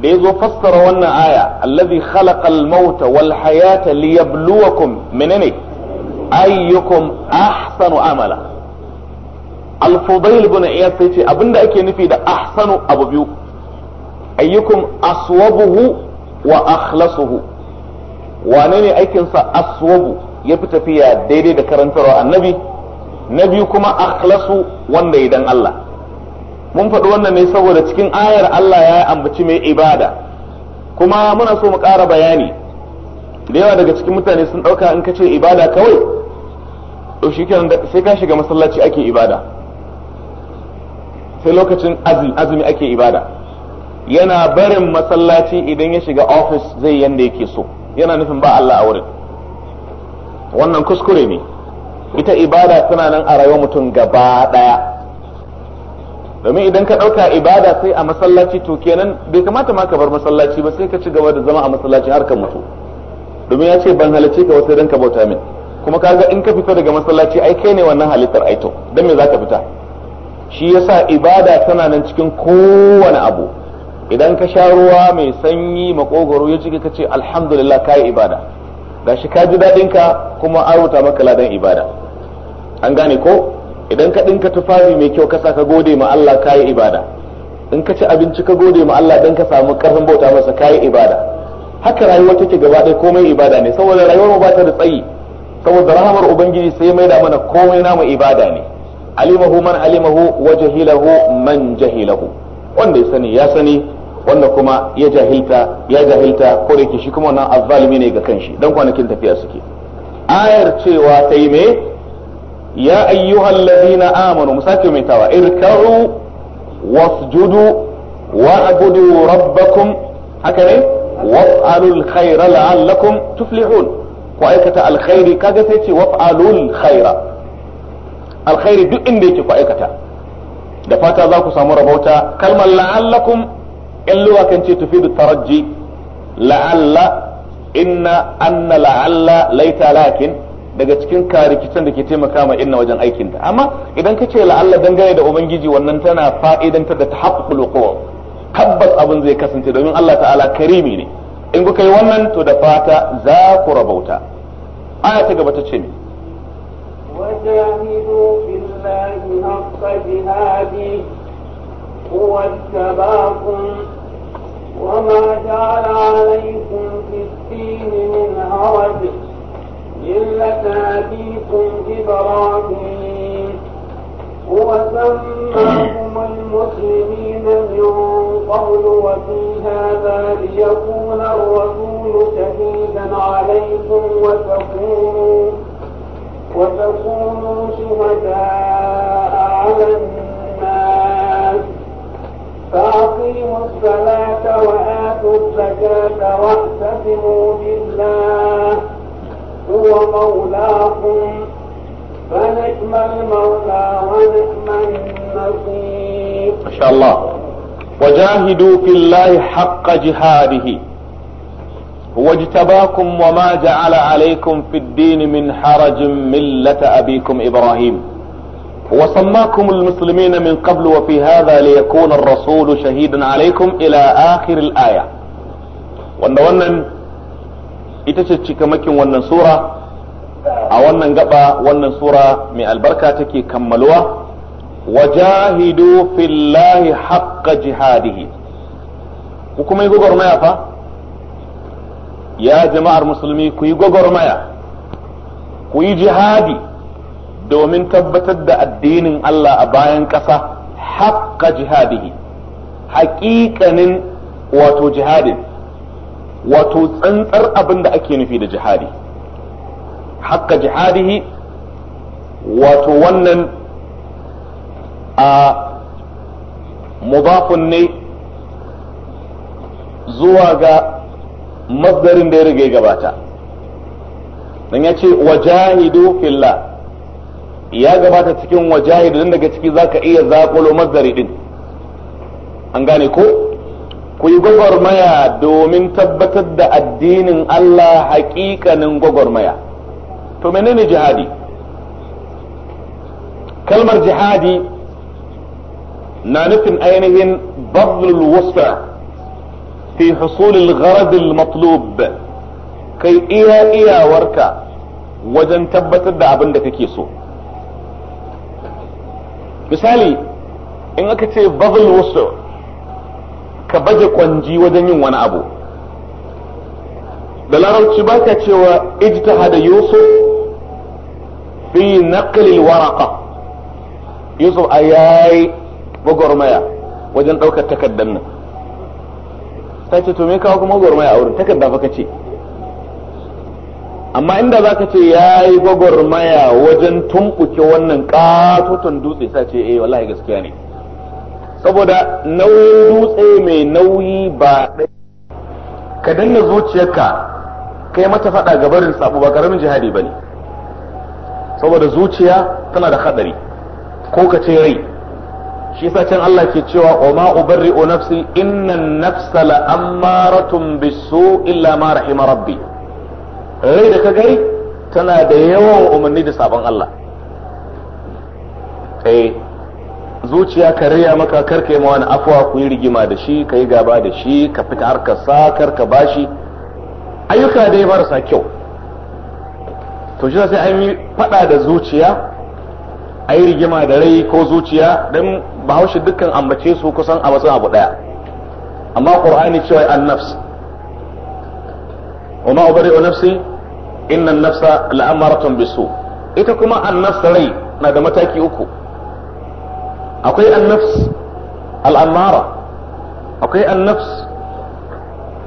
da zo fassara wannan aya allazi khalaqa mauta wal hayata liyabluwakum menene ayyukum ahsanu amala al-fudayl ibn iyad sai ce abinda ake nufi da ahsanu abu biyu ayyukum aswabuhu wa akhlasuhu wane ne aikinsa aswabu ya fi tafiya daidai da karantarwa annabi na biyu kuma akhlasu wanda idan Allah mun faɗi wannan ne saboda cikin ayar Allah ya ambaci mai ibada kuma muna so mu ƙara bayani da yawa daga cikin mutane sun ɗauka in ka ce ibada kawai to shi sai ka shiga masallaci ake ibada sai lokacin azumi ake ibada yana barin masallaci idan ya shiga ofis zai yanda yake so yana nufin ba Allah a wurin wannan kuskure ne ita ibada tana nan a rayuwar mutum gaba daya domin idan ka ɗauka ibada sai a masallaci to kenan bai kamata ma ka bar masallaci ba sai ka ci gaba da zama a masallaci har ka mutu domin ya ce ban halarci ka wasu ka bauta min kuma kaga in ka fita daga masallaci ai kai ne wannan halittar aito dan me zaka fita shi yasa ibada tana nan cikin kowane abu idan ka sha ruwa mai sanyi makogoro ya cika kace alhamdulillah kai ibada gashi ka ji dadin ka kuma an rubuta maka ladan ibada an gane ko idan ka ɗinka tufafi mai kyau ka ka gode ma Allah kai ibada in ka ci abinci ka gode ma Allah dan ka samu karfin bauta masa kai ibada haka rayuwa take gaba ɗaya komai ibada ne saboda rayuwar mu ba ta da tsayi saboda rahamar ubangiji sai mai da mana komai namu ibada ne alimahu man alimahu wa jahilahu man jahilahu wanda ya sani ya sani wanda kuma ya jahilta ya jahilta ko da shi kuma wannan azzalimi ne ga kanshi dan kwanakin tafiya suke ayar cewa ta yi me ya ayyuhal ladina amanu musaki mai tawa irka'u wasjudu wa'budu rabbakum haka ne waf'alul khaira la'allakum tuflihun ko aikata alkhairi kaga sai ce waf'alul khaira alkhairi duk inda yake ku aikata da fata za ku samu rabauta kalmar la'allakum in luwa kan ce tufidu taraji la'alla inna anna la'alla laita lakin daga cikin karikitan da ke taimaka ma inna wajen aikin ta amma idan ka ce la'alla dangane da ubangiji wannan tana fa'idantar da tahaqqul quwa tabbas abin zai kasance domin Allah ta'ala karimi ne in kuka yi wannan to da fata za ku rabauta aya ta gaba ta ce ne وجاهدوا بالله حق هو اجتباكم وما جعل عليكم في الدين من حرج إلا أبيكم إبراهيم هو سماكم المسلمين من قبل وفي هذا ليكون الرسول شهيدا عليكم وتكونوا وتكونوا شهداء الصلاة وآتوا الزكاة واعتصموا بالله هو مولاكم فنعم المولى ونعم النصير ما شاء الله وجاهدوا في الله حق جهاده هو اجتباكم وما جعل عليكم في الدين من حرج ملة أبيكم إبراهيم وسماكم المسلمين من قبل وفي هذا ليكون الرسول شهيدا عليكم إلى aya. الآية wannan ita ce cikamakin wannan sura a wannan gaba wannan sura mai albarka take kammaluwa wajahidu fillahi haqqa jihadihi ku kuma yi gwagwarmaya fa ya jama'ar musulmi ku yi gwagwarmaya ku yi jihadi domin tabbatar da addinin Allah a bayan ƙasa haƙƙa jihadihi haƙiƙanin wato jihadin wato tsantsar abin da ake nufi da jihadi haƙƙa jihadihi wato wannan a mubafin ne zuwa ga masdarin da ya riga gabata dan ya wajahidu fillah ya gabata cikin wajahid daga ciki za ka iya zakulo mazari ɗin an gane ko ku yi gwagwarmaya domin tabbatar da addinin Allah hakikanin gwagwarmaya to menene jihadi kalmar jihadi na nufin ainihin babbal wasa fi husulil gharadil matlub kai iya iyawarka wajen tabbatar da abin da kake so misali in aka ce babul wusu ka baje kwanji wajen yin wani abu da larabci ba ka cewa hada yusuf fi naqli waraqa yusuf ayayi gwagwarmaya wajen ɗaukar takardar nan ta ce to me kawo kuma gwagwarmaya a wurin takarda fa ka ce amma inda za ka ce ya yi gwagwarmaya wajen tumɓuke wannan ƙatoton dutse sa ce eh wallahi gaskiya ne saboda nauyin dutse mai nauyi ba ɗaya ka danna zuciyarka kai mata faɗa gabarin sabu ba karamin jihadi ba ne saboda zuciya tana da haɗari ko ka ce rai shi yasa can Allah ke cewa wa ma ubarri'u nafsi innan nafsa la'ammaratun bisu illa ma rahima rabbi rai da ka gai tana da yawan umarni da sabon Allah kai eh, zuciya ka riya maka karka yi wani afuwa ku yi rigima da shi ka yi gaba da shi ka fita harka sa karka shi ayyuka dai marasa kyau to shi sai an yi fada da zuciya a yi rigima da rai ko zuciya don bahaushe dukkan ambace su kusan a wasu abu daya amma ƙur'ani cewa an nafs wa ma ubari'u nafsi innan nafsa la'amaratun bisu ita kuma annafs rai na da mataki uku akwai annafs al'amara akwai annafs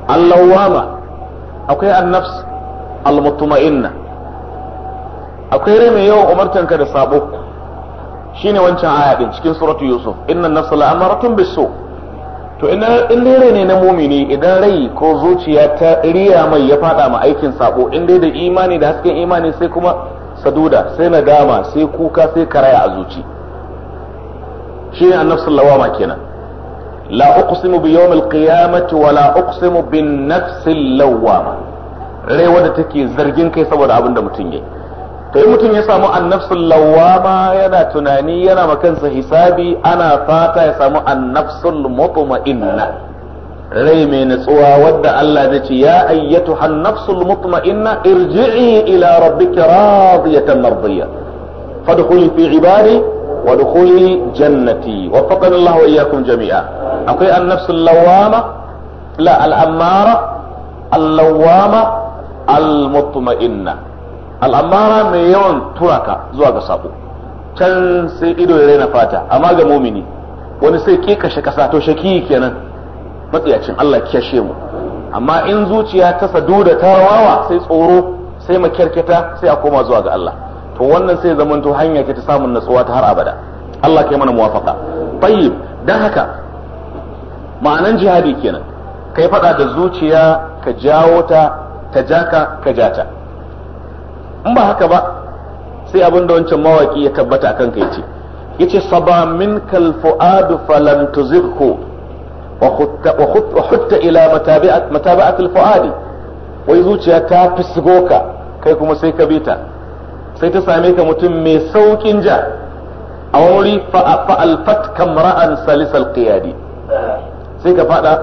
allawama akwai annafs almutuma'inna akwai rai mai yawan umartanka da sabo shine wancan aya din cikin suratu yusuf innan nafsa la'amaratun bisu to in dai rai ne na mumini idan rai ko zuciya ta riya mai ya fada ma aikin sako in dai da imani da hasken imani sai kuma saduda sai nadama sai kuka sai karaya a zuci shi ne annabi sallawama kenan la uqsimu bi yawmil qiyamati wa la uqsimu bin nafsil lawwama rai wanda take zargin kai saboda abin da mutum yayi kai mutum ya samu annafsul lawwama yana tunani yana makansa hisabi ana fata ya samu annafsul mutma'inna rai mai nutsuwa wadda Allah zai ce ya ayyatu annafsul mutma'inna irji'i ila rabbika radiyatan mardiyya fadkhuli fi ibadi wa dkhuli jannati waffaqana Allah wa iyyakum jami'a akwai annafsul lawwama la al-ammara al lawwama al-mutma'inna al'amara mai yawan turaka zuwa ga sabo can sai ido ya raina fata amma ga mumini wani sai kashe kasa to shaki kenan matsiyacin Allah kyashe mu amma in zuciya ta sadu da tarawawa sai tsoro sai makyarketa sai a koma zuwa ga Allah to wannan sai zamanto hanya ke ta samun natsuwa ta har abada Allah kai mana muwafaka tayyib dan haka ma'anan jihadi kenan kai fada da zuciya ka jawo ta ta jaka ka jata in ba haka ba sai abin da wancan mawaki ya tabbata akan kai ce yace saba min kal fuad falam tuzighu wa khutta wa khutta ila matabi'at matabi'at al fuadi wai zuciya ta fisgo ka kai kuma sai ka bita sai ta same ka mutum mai saukin ja a wuri fa alfat kamra'an salisal qiyadi sai ka fada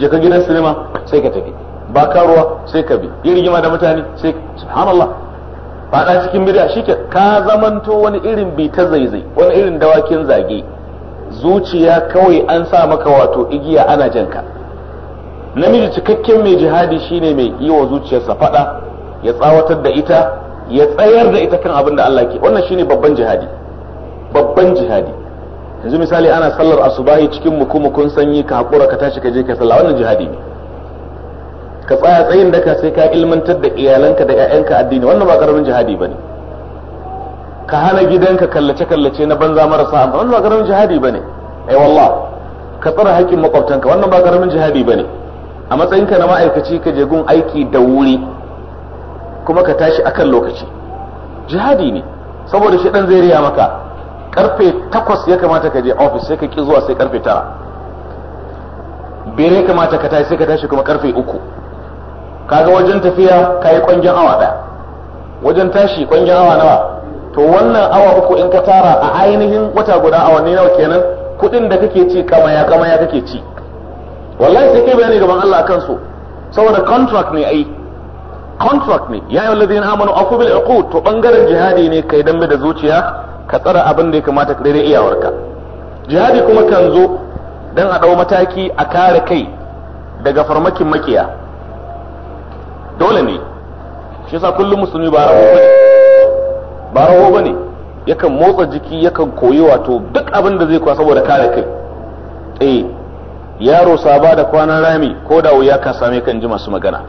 je ka gidan sinima sai ka tafi ba karuwa sai ka bi yi rigima da mutane sai subhanallah faɗa cikin shi ke ka zamanto wani irin bi ta zaizai wani irin dawakin zage zuciya kawai an sa maka wato igiya ana janka namiji cikakken mai jihadi shine mai yi wa zuciyarsa faɗa ya tsawatar da ita ya tsayar da ita kan abin da Allah ke wannan shine babban jihadi babban jihadi yanzu misali ana sallar asubahi cikin mukumukun sanyi ka hakura ka tashi ka je ka sallah wannan jihadi ne ka tsaya tsayin daka sai ka ilmantar da iyalanka da 'ya'yanka addini wannan ba karamin jihadi bane ka hana gidanka kallace kallace na banza marasa amfani wannan ba karamin jihadi bane ai wallah ka tsara haƙƙin makwabtanka wannan ba karamin jihadi bane a matsayinka na ma'aikaci ka je gun aiki da wuri kuma ka tashi akan lokaci jihadi ne saboda shi dan zai riya maka karfe takwas ya kamata ka je ofis sai ka ki zuwa sai karfe tara bere kamata ka tashi sai ka tashi kuma karfe uku kaga wajen tafiya yi kwangin awa ɗaya, wajen tashi kwangin awa nawa to wannan awa uku in ka tara a ainihin wata guda awanni nawa kenan kuɗin da kake ci kamaya kamaya kake ci wallahi sai kai bayani gaban Allah akan su saboda contract ne ai contract ne ya yi wallazi amanu aku bil uqud to bangaren jihadi ne kai dambe da zuciya ka tsara abin da ya kamata ka daidai iyawarka jihadi kuma kan zo dan a dau mataki a kare kai daga farmakin makiya dole ne shi yasa kullum musulmi ba rawo bane ba rawo bane yakan motsa jiki yakan koyi wato duk abin da zai kwa saboda kare kai eh yaro saba da kwanan rami ko da wuya ka same kan ji masu magana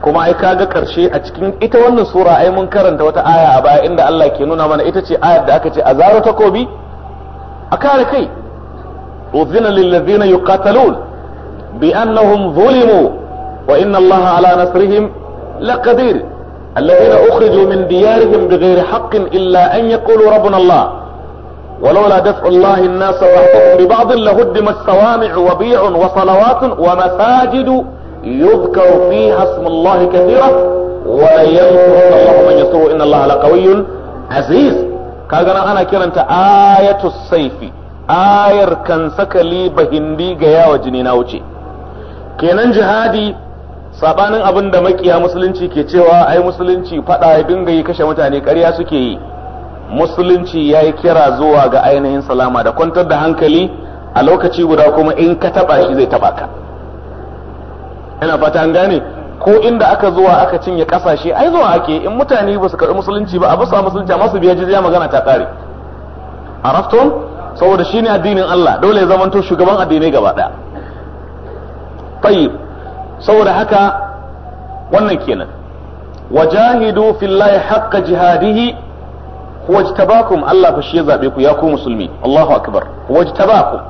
kuma ai kaga karshe a cikin ita wannan sura ai mun karanta wata aya a baya inda Allah ke nuna mana ita ce ayar da aka ce a takobi a kare kai uzina lil ladina yuqatalun bi annahum zulimu وإن الله على نصرهم لقدير الذين أخرجوا من ديارهم بغير حق إلا أن يقولوا ربنا الله ولولا دفع الله الناس وحدهم ببعض لهدم الصوامع وبيع وصلوات ومساجد يذكر فيها اسم الله كثيرا ولينصرن الله من ينصره إن الله لقوي عزيز كاغنا أنا كرنت آية السيف آير كان سكلي بهندي جيا وجنين وجي kenan جهادي sabanin abin da makiya musulunci ke cewa ai musulunci fada ya dinga yi kashe mutane ƙarya suke yi musulunci ya yi kira zuwa ga ainihin salama da kwantar da hankali a lokaci guda kuma in ka taba shi zai taba ka ina fata an gane ko inda aka zuwa aka cinye kasashe ai zuwa ake in mutane ba su karɓi musulunci ba a bisa musulunci a masu biyar jizya magana ta ƙare arafton saboda shine addinin Allah dole ya zamanto shugaban addinai gaba ɗaya saboda haka wannan kenan wajahidu fillahi haqqa jihadihi wajtabakum Allah fa shi ya zabe ku ya ku musulmi Allahu akbar wajtabakum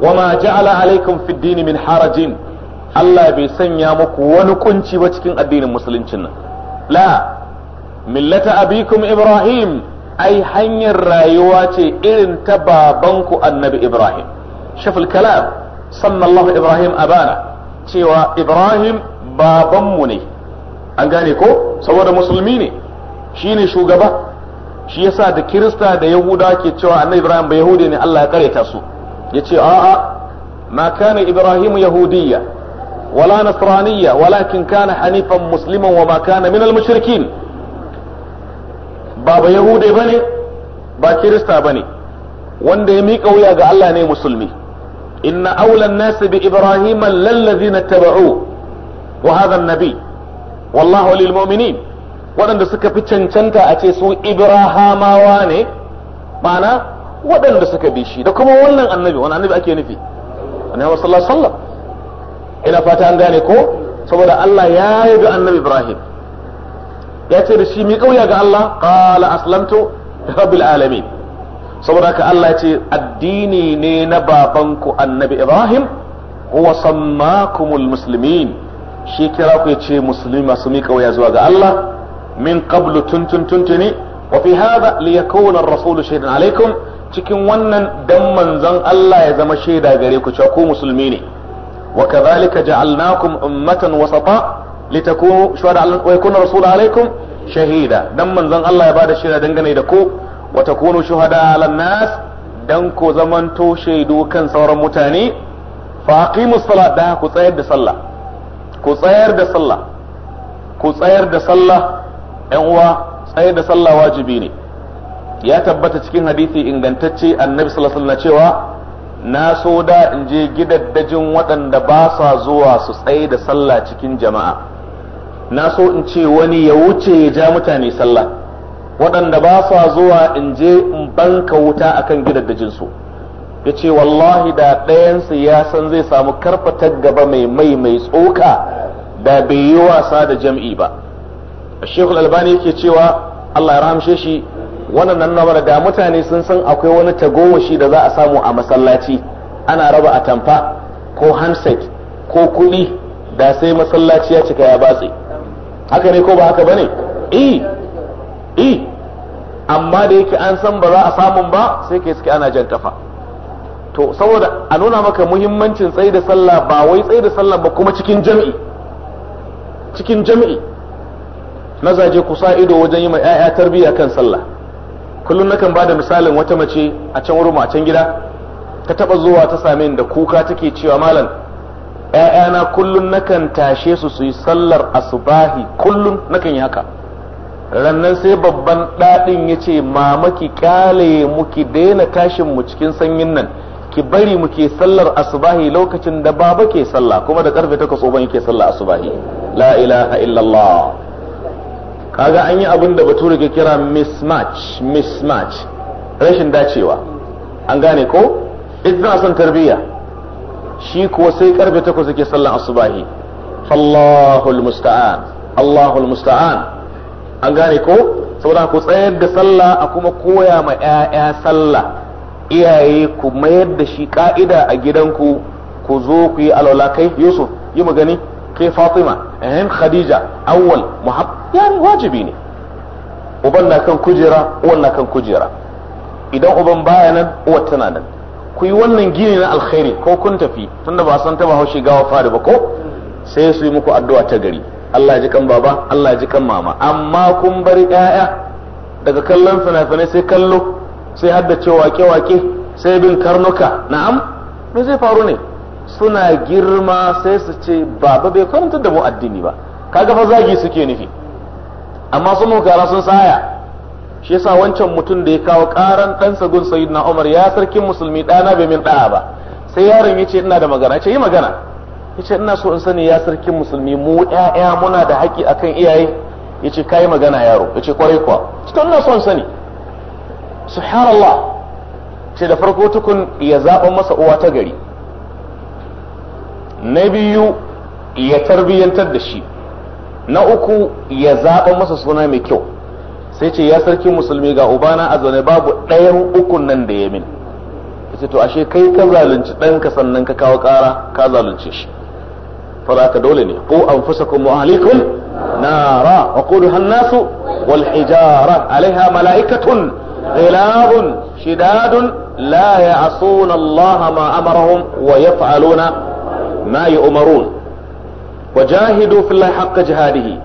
wama ja'ala alaikum fid din min harajin Allah bai sanya muku wani kunci ba cikin addinin musuluncin nan la millata abikum ibrahim ai hanyar rayuwa ce irin ta babanku annabi ibrahim shafil kalam ibrahim a ibrahim abana cewa Ibrahim babanmu ne an gane ko saboda musulmi ne shi ne shugaba shi yasa da kirista da yahuda ke cewa annabi Ibrahim ba yahudi ne Allah ya kareta su ya ce a'a ma kana Ibrahim yahudiyya wala nasraniyya walakin kana hanifan musliman wa ma kana minal mushrikin ba ba ba ne, ba kirista ba ne. wanda ya miƙa wuya ga Allah ne musulmi إن أولى الناس بإبراهيم للذين اتبعوه وهذا النبي والله للمؤمنين waɗanda suka fi cancanta a ce su ibrahamawa ne ma'ana waɗanda suka bi shi da kuma wannan annabi wani annabi ake nufi annabi wa sallallahu sallam ina fata an gane ko saboda Allah ya yabi annabi Ibrahim ya ce da shi mi kauya ga Allah qala aslamtu rabbil alamin saboda haka Allah ya ce addini ne na babanku annabi Ibrahim huwa sammakumul muslimin shi kira ku ce musulmi masu miƙa waya zuwa ga Allah min qablu tuntun tuntuni wa fi hadha li yakuna ar-rasulu shaidan alaikum cikin wannan dan manzon Allah ya zama shaida gare ku cewa ku musulmi ne wa kadhalika ja'alnakum ummatan wasata litakunu shuhada wa yakuna rasulu alaykum shahida dan manzon Allah ya bada shaida dangane da ku wa takunu shuhada ala nas dan ko zamanto shaidu kan sauran mutane fa aqimus salat da ku tsayar da sallah ku tsayar da sallah ku tsayar da sallah ɗan uwa tsayar da sallah wajibi ne ya tabbata cikin hadisi ingantacce annabi sallallahu alaihi wasallam cewa na so da in je gidaddajin waɗanda ba sa zuwa su tsayar da sallah cikin jama'a na so in ce wani ya wuce ya ja mutane sallah waɗanda ba sa zuwa in je in banka wuta akan gidaddajin ya ce wallahi da ɗayansu ya san zai samu karfatar gaba mai mai mai tsoka da bai yi wasa da jam'i ba shekul albani yake cewa allah ya rahamshe shi wannan nan nabar da mutane sun san akwai wani tagomashi da za a samu a masallaci ana raba atamfa ko handset ko kuɗi da sai masallaci ya cika ya batse haka ne ko ba haka bane eh i e, amma da yake an san ba za a samun ba sai ka iske ana jan kafa to saboda a nuna maka muhimmancin tsaye da sallah ba wai tsaye da sallah ba kuma cikin jami'i cikin jami'i mazaje ku sa ido wajen yi ma 'ya'ya tarbiyya kan sallah kullum nakan ba da misalin wata mace a can wurin a can gida ta taba zuwa ta same da kuka take cewa malam ‘ya'yana kullum nakan tashe su su yi sallar asubahi kullum nakan yi haka rannan sai babban ɗaɗin ya ce mamaki, ki kyale mu ki daina tashin mu cikin sanyin nan ki bari mu ke sallar asubahi lokacin da baba ke sallah kuma da karfe takwas oban yake sallah asubahi la ilaha illallah kaga an yi abin da bature ke kira mismatch mismatch rashin dacewa an gane ko idan son tarbiyya shi ko sai karfe takwas yake sallar asubahi fallahul musta'an allahul musta'an an gane ko saboda ku tsayar da sallah a kuma koya ma 'ya'ya sallah iyaye ku mayar da shi ka'ida a gidanku ku zo ku yi alwala kai yusuf yi magani kai fatima ehem khadija awwal muhab yan wajibi ne uban na kan kujera uwan na kan kujera idan uban baya nan uwar tana nan ku yi wannan gini na alkhairi ko kun tafi tunda ba san ta ba haushi gawa fari ba ko sai su yi muku addu'a ta gari Allah ji kan baba Allah ji kan mama amma kun bar 'ya'ya daga kallon fina-finai sai kallo sai haddace wake-wake sai bin karnuka na'am me zai faru ne suna girma sai su ce baba bai kwantar da mu addini ba kaga fa zagi suke nufi amma sun kara sun saya shi yasa wancan mutum da ya kawo karan ɗansa gun sayyidina Umar ya sarkin musulmi ɗana bai min ɗaya ba sai yaron ya ce ina da magana ce yi magana yace ina so in sani ya sarkin musulmi mu ƴaƴa muna da haƙi akan iyaye yace kai magana yaro yace kwarai kuwa to ina so in sani subhanallah ce da farko tukun ya zaɓa masa uwa ta gari na biyu ya tarbiyyantar da shi na uku ya zaɓa masa suna mai kyau sai ce ya sarki musulmi ga ubana a zaune babu ɗayan ukun nan da ya min to ashe kai ka zalunci ɗanka sannan ka kawo ƙara ka zalunce shi فذاك دول قو أنفسكم وأهليكم نارا وقولها الناس والحجارة عليها ملائكة غلاظ شداد لا يعصون الله ما امرهم ويفعلون ما يؤمرون وجاهدوا في الله حق جهاده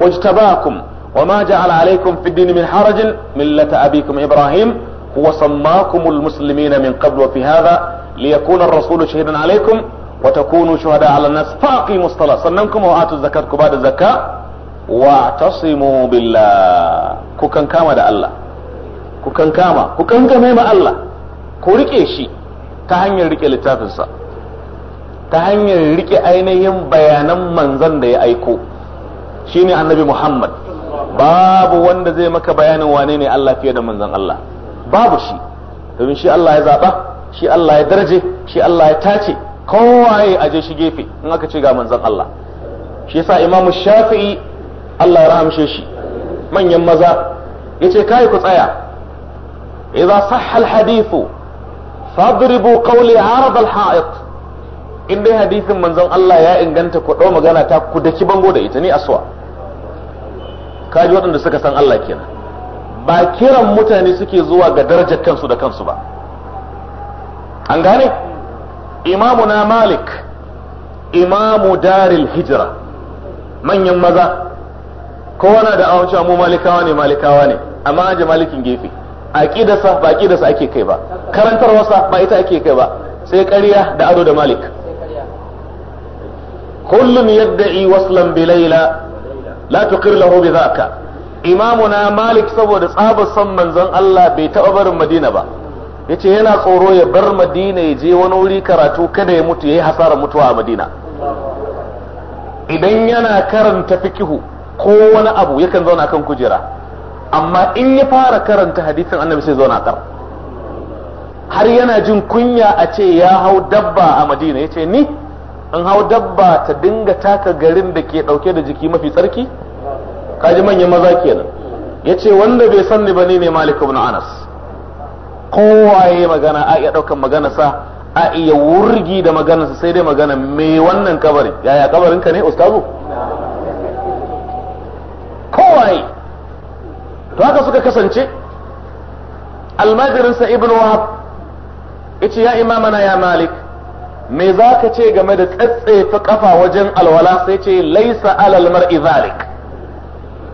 واجتباكم وما جعل عليكم في الدين من حرج ملة ابيكم ابراهيم هو سماكم المسلمين من قبل وفي هذا ليكون الرسول شهيدا عليكم wa takunu shuhada ala nas faqi mustala sannan kuma wa atu zakat ku bada zakka wa tasimu billah ku kankama da Allah ku kankama ku kan ma Allah ku rike shi ta hanyar rike littafinsa ta hanyar rike ainihin bayanan manzon da ya aiko shine annabi Muhammad babu wanda zai maka bayanin wane ne Allah fiye da manzon Allah babu shi domin shi Allah ya zaba shi Allah ya daraje shi Allah ya tace kowaye aje shi gefe in aka ce ga manzon Allah shi yasa Imam Shafi'i Allah ya rahamshe shi manyan maza yace kai ku tsaya idza sahha al-hadithu fadribu qawli arab al in dai hadithin manzon Allah ya inganta ku dau magana ta ku daki bango da ita ne aswa kaji waɗanda suka san Allah kenan ba kiran mutane suke zuwa ga darajar kansu da kansu ba an gane imamuna malik imamu daril hijira manyan maza kowa na da awon cewa mu malikawa ne malikawa ne amma an ji malikin gefe A ƙidasa ba aqidarsa ake kai ba karantarwarsa ba ita ake kai ba sai ƙarya da ado da malik kullum yadda yadda'i waslan bilaila la tuqir lahu Imamu imamuna malik saboda tsabar son manzon Allah bai taɓa barin madina ba ya ce yana tsoro ya bar madina ya je wani wuri karatu kada ya mutu ya yi hasarar mutuwa a madina idan yana karanta fikihu ko wani abu yakan zauna kan kujera amma in ya fara karanta hadisin annabi sai zauna kar har yana jin kunya a ce ya hau dabba a madina ya ce ni in hau dabba ta dinga taka garin da ke dauke da jiki mafi tsarki kaji manyan maza kenan ce wanda bai sanni ba ni ne malik ibn anas kowaye magana a iya ɗaukan sa, a iya wurgi da maganarsa sai dai magana me wannan kabarin. yaya kabarinka ne ustazu kowaye to haka suka kasance almajirinsa ibn wahab ce ya imamana ya malik me za ka ce game da tsatsefa kafa wajen alwala sai ce laisa alal mar'i zalik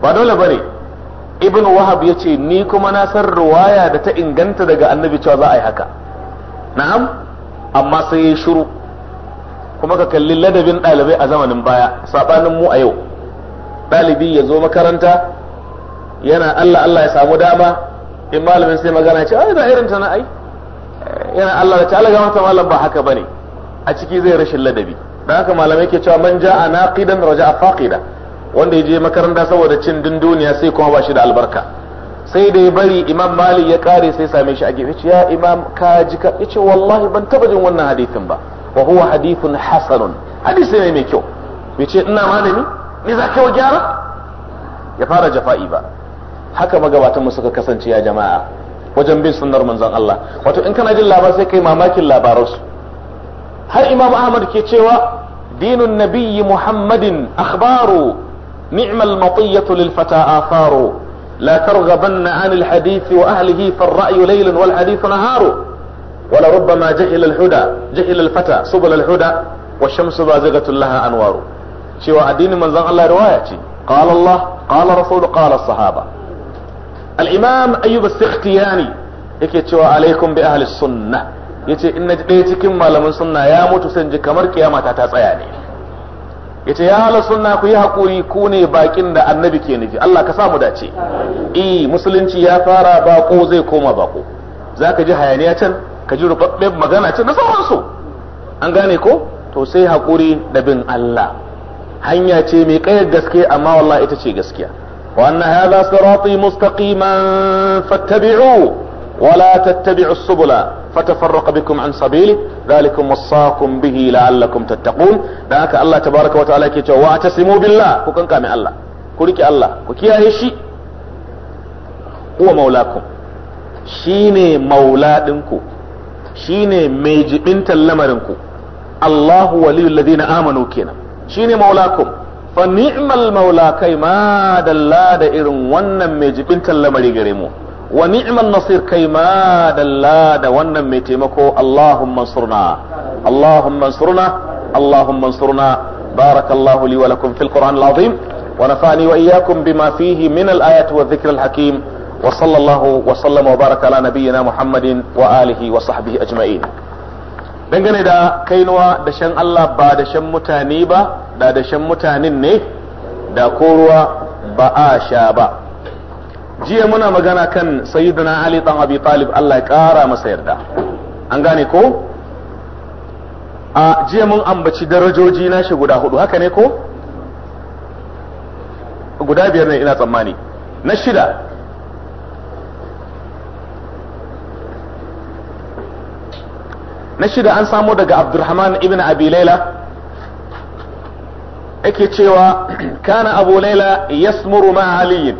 ba dole bane ibn wahab ya ce ni kuma na san ruwaya da ta inganta daga annabi cewa za a yi haka na'am amma sai ya shiru kuma ka kalli ladabin ɗalibai a zamanin baya saɓanin mu a yau ɗalibi ya zo makaranta yana allah allah ya samu dama in malamin sai magana ce ai da irin ta na ai yana allah da ta alaga mata malam ba haka bane a ciki zai rashin ladabi da haka malamai ke cewa man ja'a naqidan raja'a faqida wanda ya je makaranta saboda cin dunduniya sai kuma ba shi da albarka sai da ya bari imam mali ya kare sai same shi a gefe ya imam ka ji ka ce wallahi ban taba jin wannan hadithin ba wa huwa hadithun hasanun hadisi ne mai kyau ce ina malami ni za ka gyara ya fara jafa'i ba haka magabatan mu suka kasance ya jama'a wajen bin sunnar manzon Allah wato in kana jin labar sai kai mamakin labaransu har imam ahmad ke cewa dinun nabiyyi muhammadin akhbaru نعم المطية للفتى آثار لا ترغبن عن الحديث وأهله فالرأي ليل والحديث نهار ولربما جهل الهدى جهل الفتى سبل الهدى والشمس بازغة لها أنوار شوى الدين من زغ الله روايتي قال الله قال رسول قال الصحابة الإمام أيوب السختياني يكي cewa عليكم بأهل السنة sunna إن جديتكم ما لمن سنة يا موت سنجي mutu sai ji yace ya ala sunna ku yi hakuri ku ne baƙin da annabi ke nufi Allah ka samu dace eh musulunci ya fara bako zai koma bako zaka ji hayaniya can ka ji rubabben magana can da sauransu an gane ko to sai hakuri da bin Allah hanya ce mai kayar gaske amma wallahi ita ce gaskiya wa anna hadha sirati mustaqiman fattabi'u ولا تتبعوا السبل فتفرق بكم عن سبيله ذلكم وصاكم به لعلكم تتقون ذاك الله تبارك وتعالى كي واعتصموا بالله كوكن كامي الله كوريكي الله كوكيا شي هو مولاكم شيني مولا دنكو شيني ميجبنت لمرنكو الله ولي الذين آمنوا كينا شيني مولاكم فنعم المولا كيما دلا دا إرن ونن ميجبنت لمري غريمو wa ni'mal nasir kai ma dalla da wannan mai taimako Allahumma ansurna Allahumma ansurna Allahumma ansurna barakallahu li wa lakum fil qur'an al-azim wa nafa'ani wa iyyakum bima fihi min al-ayati wa dhikr al-hakim wa sallallahu wa sallama wa baraka ala nabiyyina Muhammadin wa alihi wa sahbihi ajma'in dangane da kainuwa da shan Allah ba da shan mutane ba da da shan mutanen ne da ko ruwa ba a sha ba jiya muna magana kan sayyidina ali dan abi talib Allah ya kara masa yarda an gane ko a jiya mun ambaci darajoji na shi guda hudu haka ne ko guda biyar ne ina tsammani na shida na shida an samo daga abdurrahman ibn abi laila yake cewa kana abu laila yasmuru ma aliyin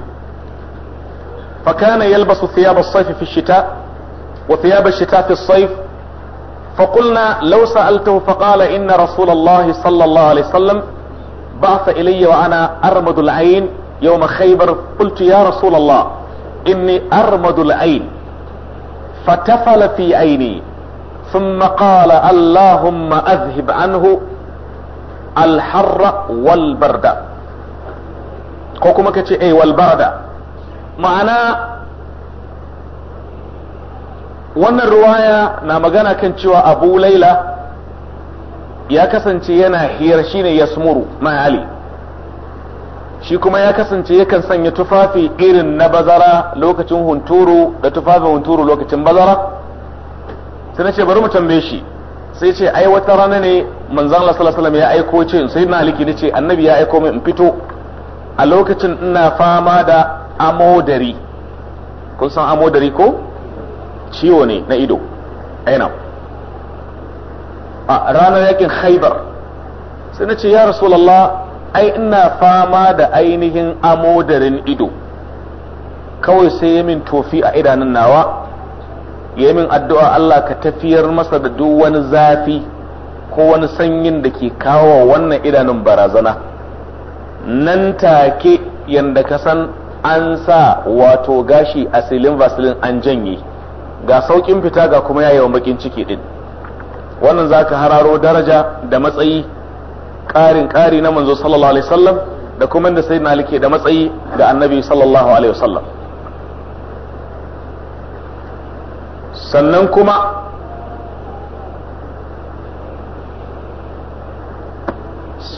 فكان يلبس ثياب الصيف في الشتاء وثياب الشتاء في الصيف فقلنا لو سألته فقال إن رسول الله صلى الله عليه وسلم بعث إلي وأنا أرمد العين يوم خيبر قلت يا رسول الله إني أرمد العين فتفل في عيني ثم قال اللهم أذهب عنه الحر والبرد حكمك أي والبرد ma'ana wannan ruwaya na magana kan cewa abu laila ya kasance yana hiyar shine ya sumuru ali shi kuma ya kasance yakan sanya tufafi irin na bazara lokacin hunturu da tufafin hunturu lokacin bazara sai na ce bari mu tambaye shi sai ce ai wata rana ne manzon Allah sallallahu alaihi ya aiko ce sai na aliki ce annabi ya aiko min in fito a lokacin ina fama da amodari kun san amodari ko ciwo ne na ido aina a ranar yakin khaibar sai na ce ya rasulallah ai ina fama da ainihin amodarin ido kawai sai ya min tofi a idanun nawa ya min addu'a Allah ka tafiyar masa da duk wani zafi ko wani sanyin da ke kawo wannan idanun barazana nan take yanda ka san an sa wato gashi a silin vaseline an janye ga saukin fita ga kuma yayi wa bakin ciki din wannan za ka hararo daraja da matsayi ƙarin ƙari na manzo sallallahu alaihi wasallam da kuma da sai Ali ke da matsayi ga annabi sallallahu alaihi wasallam sannan kuma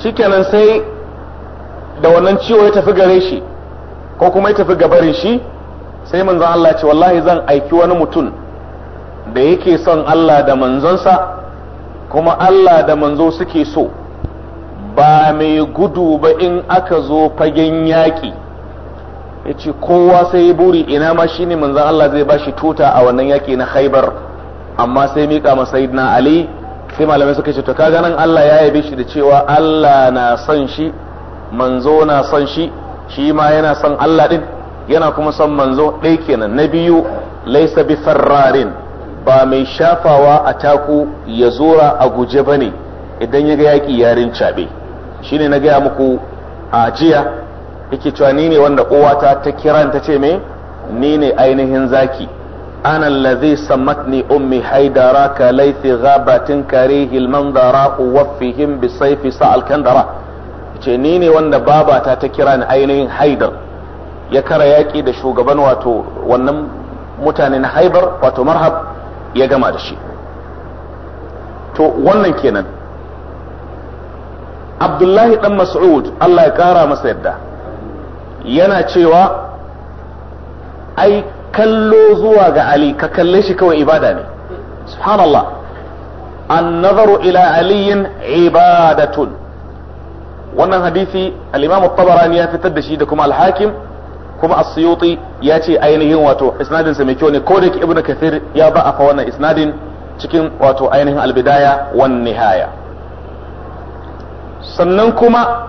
shikenan sai da wannan ciwo ya tafi gare shi ko kuma ya tafi gabarin shi sai manzon Allah ce wallahi zan aiki wani mutum da yake son Allah da manzonsa kuma Allah da manzo suke so ba mai gudu ba in aka zo fagen yaƙi ya ce kowa sai ya buri ina ma shi ne manzon Allah zai ba shi tuta a wannan yaƙi na haibar amma sai miƙa masa na Ali sai malamai suka ce to kaga nan Allah ya yabe shi da cewa Allah na son shi manzo na son shi shi ma yana son Allah din yana kuma son manzo ɗaya kenan na biyu laisa bi farrarin ba mai shafawa a taku ya zura a guje bane idan yaga yaki yarin cabe shine na gaya muku a jiya yake cewa ni ne wanda uwata ta kiran ta ce me ni ne ainihin zaki ana أنا الذي سمتني أمي حيدرا hilman غابة كريه المنظرة وفهم بالسيف ساء الكندرة ce ni ne wanda babata ta kira ni ainihin haidar ya kara yaƙi da shugaban wato wannan mutane na haibar wato marhab ya gama da shi to wannan kenan abdullahi dan mas'ud Allah ya kara masa yadda yana cewa ai kallo zuwa ga ali ka kalle shi kawai ibada ne subhanallah an nazaru ila aliyin ibadatun wannan hadisi al-imam at-tabarani ya fitar da shi da kuma al-hakim kuma as-suyuti ya ce ainihin wato isnadin sa mai kyau ne ko da ibnu kathir ya ba a wannan isnadin cikin wato ainihin al-bidaya wan nihaya sannan kuma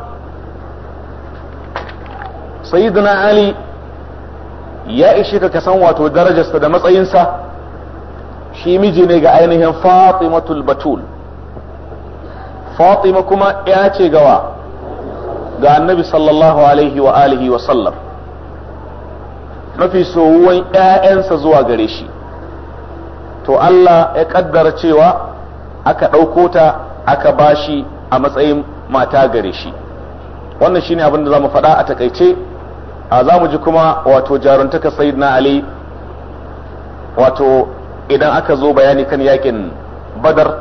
sayyidina ali ya ishe ka kasan wato darajarsa da matsayinsa shi miji ne ga ainihin fatimatul batul fatima kuma ya ce gawa ga annabi sallallahu alaihi wa alihi wa sallam mafi soyuwan ‘ya'yansa zuwa gare shi to Allah ya ƙaddara cewa aka ɗauko ta aka bashi a matsayin mata gare shi wannan shine abin da za mu faɗa a takaice a za mu ji kuma wato jaruntaka sayyidina ali wato idan aka zo bayani kan yakin badar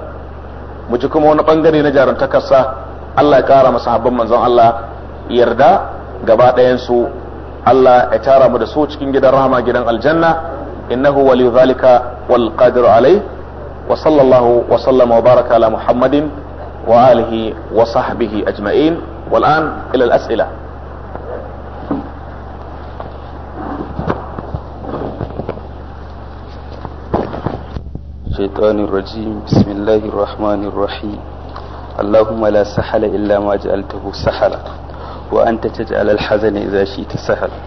mu ji kuma wani bangare na jaruntakarsa Allah ya kara masa habban manzon Allah yarda gaba ɗayansu su Allah ya tara mu da su cikin gidan rahama gidan aljanna innahu waliyu zalika wal qadir alai wa sallallahu wa sallama wa baraka ala muhammadin wa alihi wa sahbihi ajma'in wal an ila al as'ila الشيطان الرجيم بسم الله الرحمن الرحيم اللهم لا سحل إلا ما جعلته سحلا وأنت تجعل الحزن إذا شئت سهلا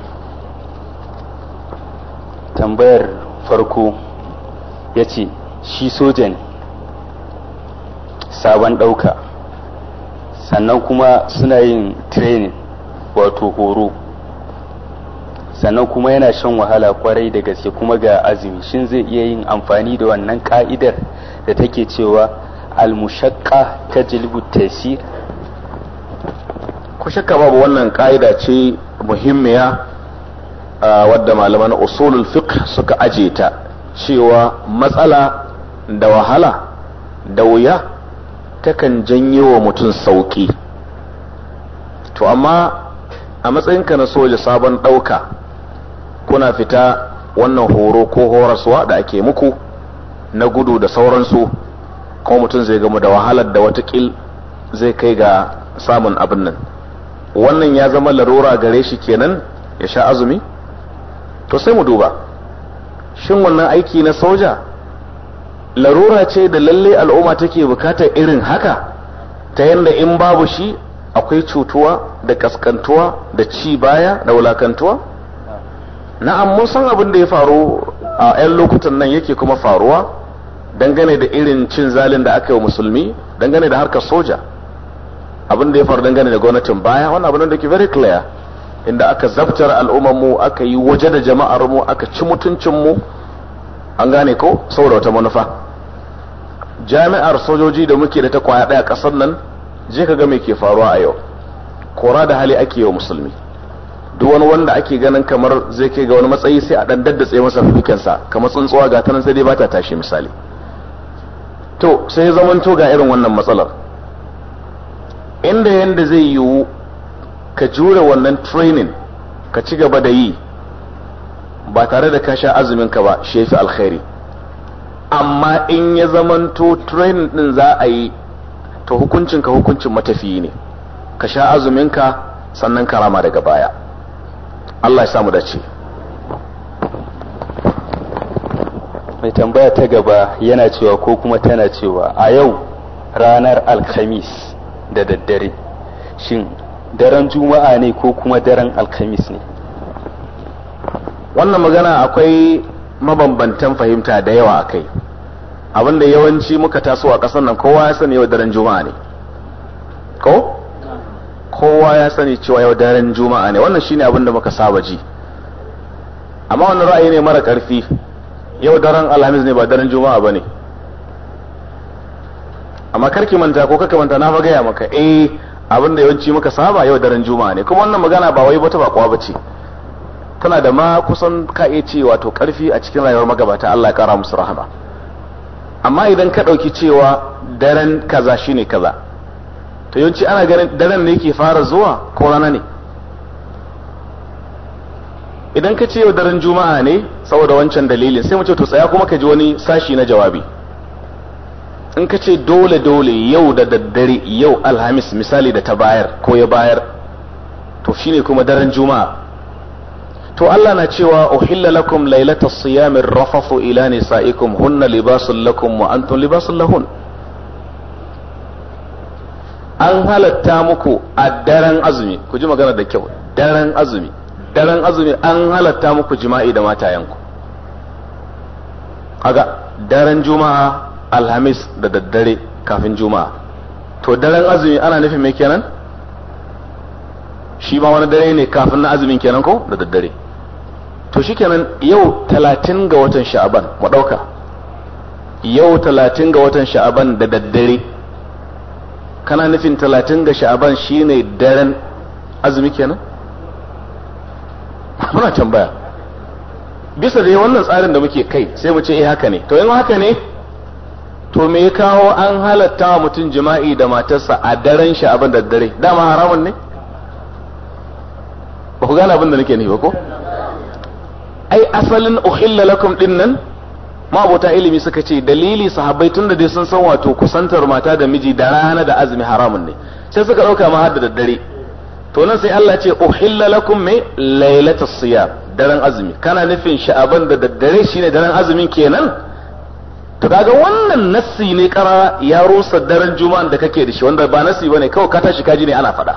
tambayar farko ya ce shi soja ne sabon ɗauka sannan kuma suna yin training wato horo sannan kuma yana shan wahala kwarai da gaske kuma ga azumi shin zai iya yin amfani da wannan ka'idar da take cewa almushakka ta tajlibu tasi. ku shakka babu wannan ka'ida ce muhimmiya wadda malaman usulul fiqh suka aje ta cewa matsala da wahala da wuya takan janyo wa mutum sauki to amma a matsayinka na soja sabon ɗauka kuna fita wannan horo ko horaswa da ake muku na gudu da sauransu kuma mutum zai gamu da wahalar da watakil zai kai ga samun abin nan wannan ya zama larura gare shi kenan ya sha azumi to sai mu duba shin wannan aiki na soja larura ce da lalle al'umma take bukatar irin haka ta yadda in babu shi akwai cutuwa da kaskantuwa da ci baya da wulakantuwa na'am mun san abin da ya faru a 'yan lokutan nan yake kuma faruwa dangane da irin cin zalin da aka yi wa musulmi dangane da harkar soja abin da ya faru dangane da gwamnatin baya wannan abin da ke very clear inda aka zabtar al'ummar mu aka yi waje da jama'ar mu aka ci mutuncin mu an gane ko saboda wata manufa jami'ar sojoji da muke da ta kwaya daya kasar nan je ka ga me ke faruwa a yau kora da hali ake wa musulmi duk wani wanda ake ganin kamar zai kai ga wani matsayi sai a dan daddatse masa fikansa kamar tsuntsuwa ga tanan sai dai bata tashi misali to sai zamanto ga irin wannan matsalar inda yanda zai yiwu ka jure wannan training ka ci gaba da yi ba tare da ka sha azumin ka ba shefi alkhairi amma in ya zamanto training din za a yi to hukuncin ka hukuncin matafiyi ne ka sha azumin ka sannan karama daga baya Allah ya samu dace mai tambaya ta gaba yana cewa ko kuma tana cewa a yau ranar alkhamis da daddare shin daren juma'a ne ko kuma daren alkhamis ne wannan magana akwai mabambantan fahimta da yawa a kai abinda yawanci muka taso a ƙasar nan kowa ya sani yau daren juma'a ne ko kowa ya sani cewa yau daren juma'a ne wannan shine abinda muka saba ji amma wannan ra'ayi ne mara ƙarfi yau daren alhamis ne ba daren juma'a ba ne amma karki manta ko kaka manta na fa gaya maka e abin yawanci muka saba yau daren juma'a ne kuma wannan magana ba wai bata bakwa ce. tana da ma kusan ka iya ce wato karfi a cikin rayuwar magabata Allah ya kara musu rahama amma idan ka dauki cewa daren kaza shine kaza to yawanci ana ganin daren ne yake fara zuwa ko rana ne idan ka ce yau daren juma'a ne saboda wancan dalilin sai mu ce to tsaya kuma ka ji wani sashi na jawabi in ka ce dole dole yau da daddare yau alhamis misali da ta bayar ko ya bayar to shine kuma daren juma'a to Allah na cewa uhilla lakum lailata siyami rafafu ila nisaikum hunna libasul lakum wa antum libasul lahun an halatta muku a daren azumi ku ji magana da kyau daren azumi daren azumi an halatta muku jima'i da matayenku kaga daren juma'a alhamis da daddare kafin juma'a to daren azumi ana nufin me kenan shi ma wani dare ne kafin na azumin kenan ko da daddare to shi kenan yau talatin ga watan sha'aban mu dauka yau talatin ga watan sha'aban da daddare kana nufin talatin ga sha'aban shine daren azumi kenan muna tambaya bisa dai wannan tsarin da muke kai sai mu ce eh haka ne to in haka ne to me ya kawo an halatta wa mutum jima'i da matarsa a daren shi abin da dare dama haramun ne ba ku gane abin da nake ne ba ko ai asalin uhilla lakum din nan ilimi suka ce dalili sahabbai tun da dai sun san wato kusantar mata da miji da rana da azumi haramun ne sai suka dauka ma har da daddare to nan sai Allah ce uhilla lakum mai lailatus siyam daren azumi kana nufin sha'aban da daddare shine daren azumin kenan to kaga wannan nassi ne kara ya rusa daren juma'an da kake da shi wanda ba nassi bane kawai ka tashi kaji ne ana faɗa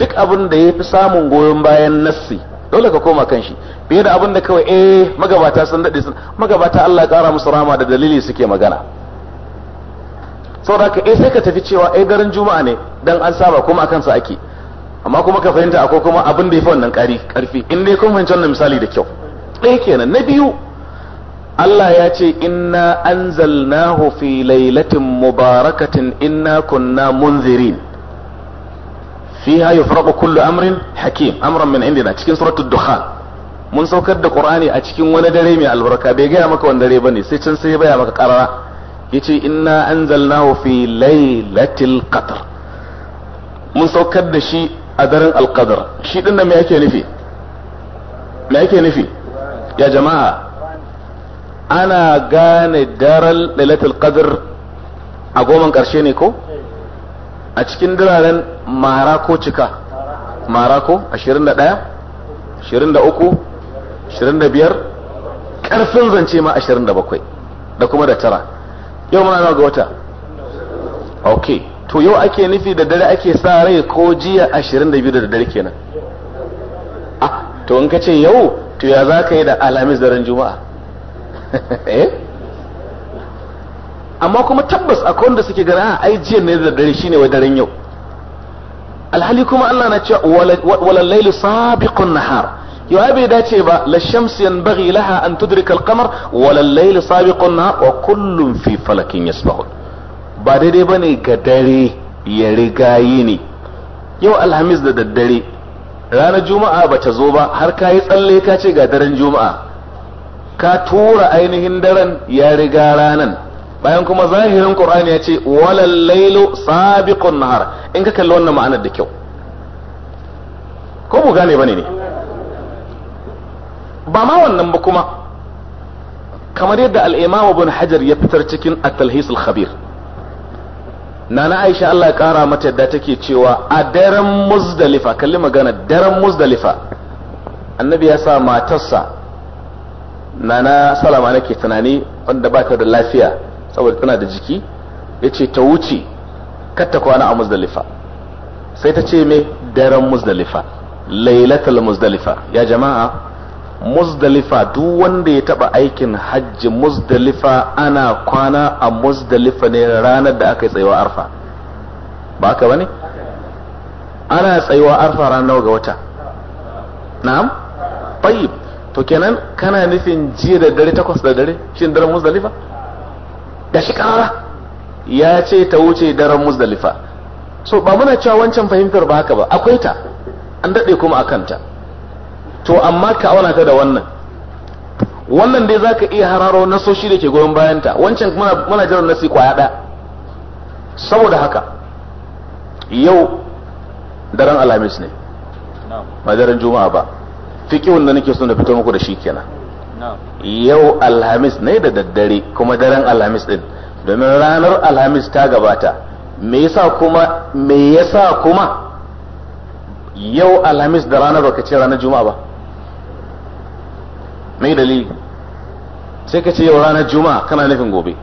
duk abin da yafi samun goyon bayan nassi dole ka koma kan shi fiye da abin da kawai eh magabata sun dade sun magabata Allah ya kara musu rama da dalili suke magana saboda haka eh sai ka tafi cewa eh daren juma'a ne dan an saba kuma akan sa ake amma kuma ka fahimta akwai kuma abin da ya yafi wannan ƙari ƙarfi in dai kun fahimci wannan misali da kyau ɗaya kenan na biyu Allah ya ce inna anzalnahu fi lailatin mubarakatin inna kunna munzirin fiha yufraqu kullu amrin hakim amran min indina cikin suratul dukhan mun saukar da qur'ani a cikin wani dare mai albarka bai gaya maka wani dare bane sai can sai ya baya maka karara yace inna anzalnahu fi lailatul qadr mun saukar da shi a daren alqadar shi din nan me yake nufi me yake nufi ya jama'a ana gane daren lailatul qadr a goman karshe ne ko a cikin diraren mara ko cika mara ko 21 23 25 karfin zance ma 27 da kuma da tara yau muna zuwa ga wata ok to yau ake nufi da dare ake sa rai ko jiya 22 da dare kenan ah to in ka ce yau to ya za ka yi da alamis daren juma'a eh? amma kuma tabbas akwai wanda suke gana a ah, ai jiya ne da dare shine wai daren yau alhali kuma Allah na cewa walal lailu sabiqun nahar yau ai bai dace ba la shams yanbaghi laha an tudrika al-qamar wa al-layl sabiqun wa kullun fi falakin yasbahun ba daidai bane ga dare ya riga yini yau alhamis da daddare ranar juma'a ba ta zo ba har ka yi tsalle ka ce ga daren juma'a ka tura ainihin daren ya riga ranan bayan kuma zahirin qur'ani ya ce al-layl sabiqun nahar in ka kalli wannan ma'anar da kyau ko mu gane bane ne ba ma wannan ba kuma kamar yadda al'imam abin hajar ya fitar cikin at-talhis al-khabir nana aisha Allah ya kara mata yadda take cewa a daren muzdalifa kalli magana daren muzdalifa annabi ya sa matarsa nana salama nake tunani wanda ba ta da lafiya saboda tana da jiki ya ce ta wuce kar kwana a muzdalifa sai ta ce me daren muzdalifa lailatul muzdalifa ya jama'a muzdalifa duk wanda ya taba aikin hajji muzdalifa ana kwana a muzdalifa ne ranar da aka yi tsayuwa arfa ba ba bane ana tsayuwa arfa ranar ga wata na'am tayyib to kenan kana nufin jiya da dare takwas da dare shi daren muzdalifa da shi kara ya ce ta wuce daren muzdalifa so ba muna cewa wancan fahimtar ba haka ba akwai ta an daɗe kuma a kanta to amma ka auna ta da wannan wannan dai zaka iya hararo na soshi da ke goyon bayanta wancan muna jiran nasi kwaya ɗaya saboda haka yau daren alhamis ne ba daren juma'a ba fiƙihun da nake so na fito muku da shi kenan yau alhamis ne da daddare kuma daren alhamis din domin ranar alhamis ta gabata me yasa kuma me yasa kuma yau alhamis da ranar baka ce ranar juma'a ba mai dalili sai ka ce yau ranar juma'a kana nufin gobe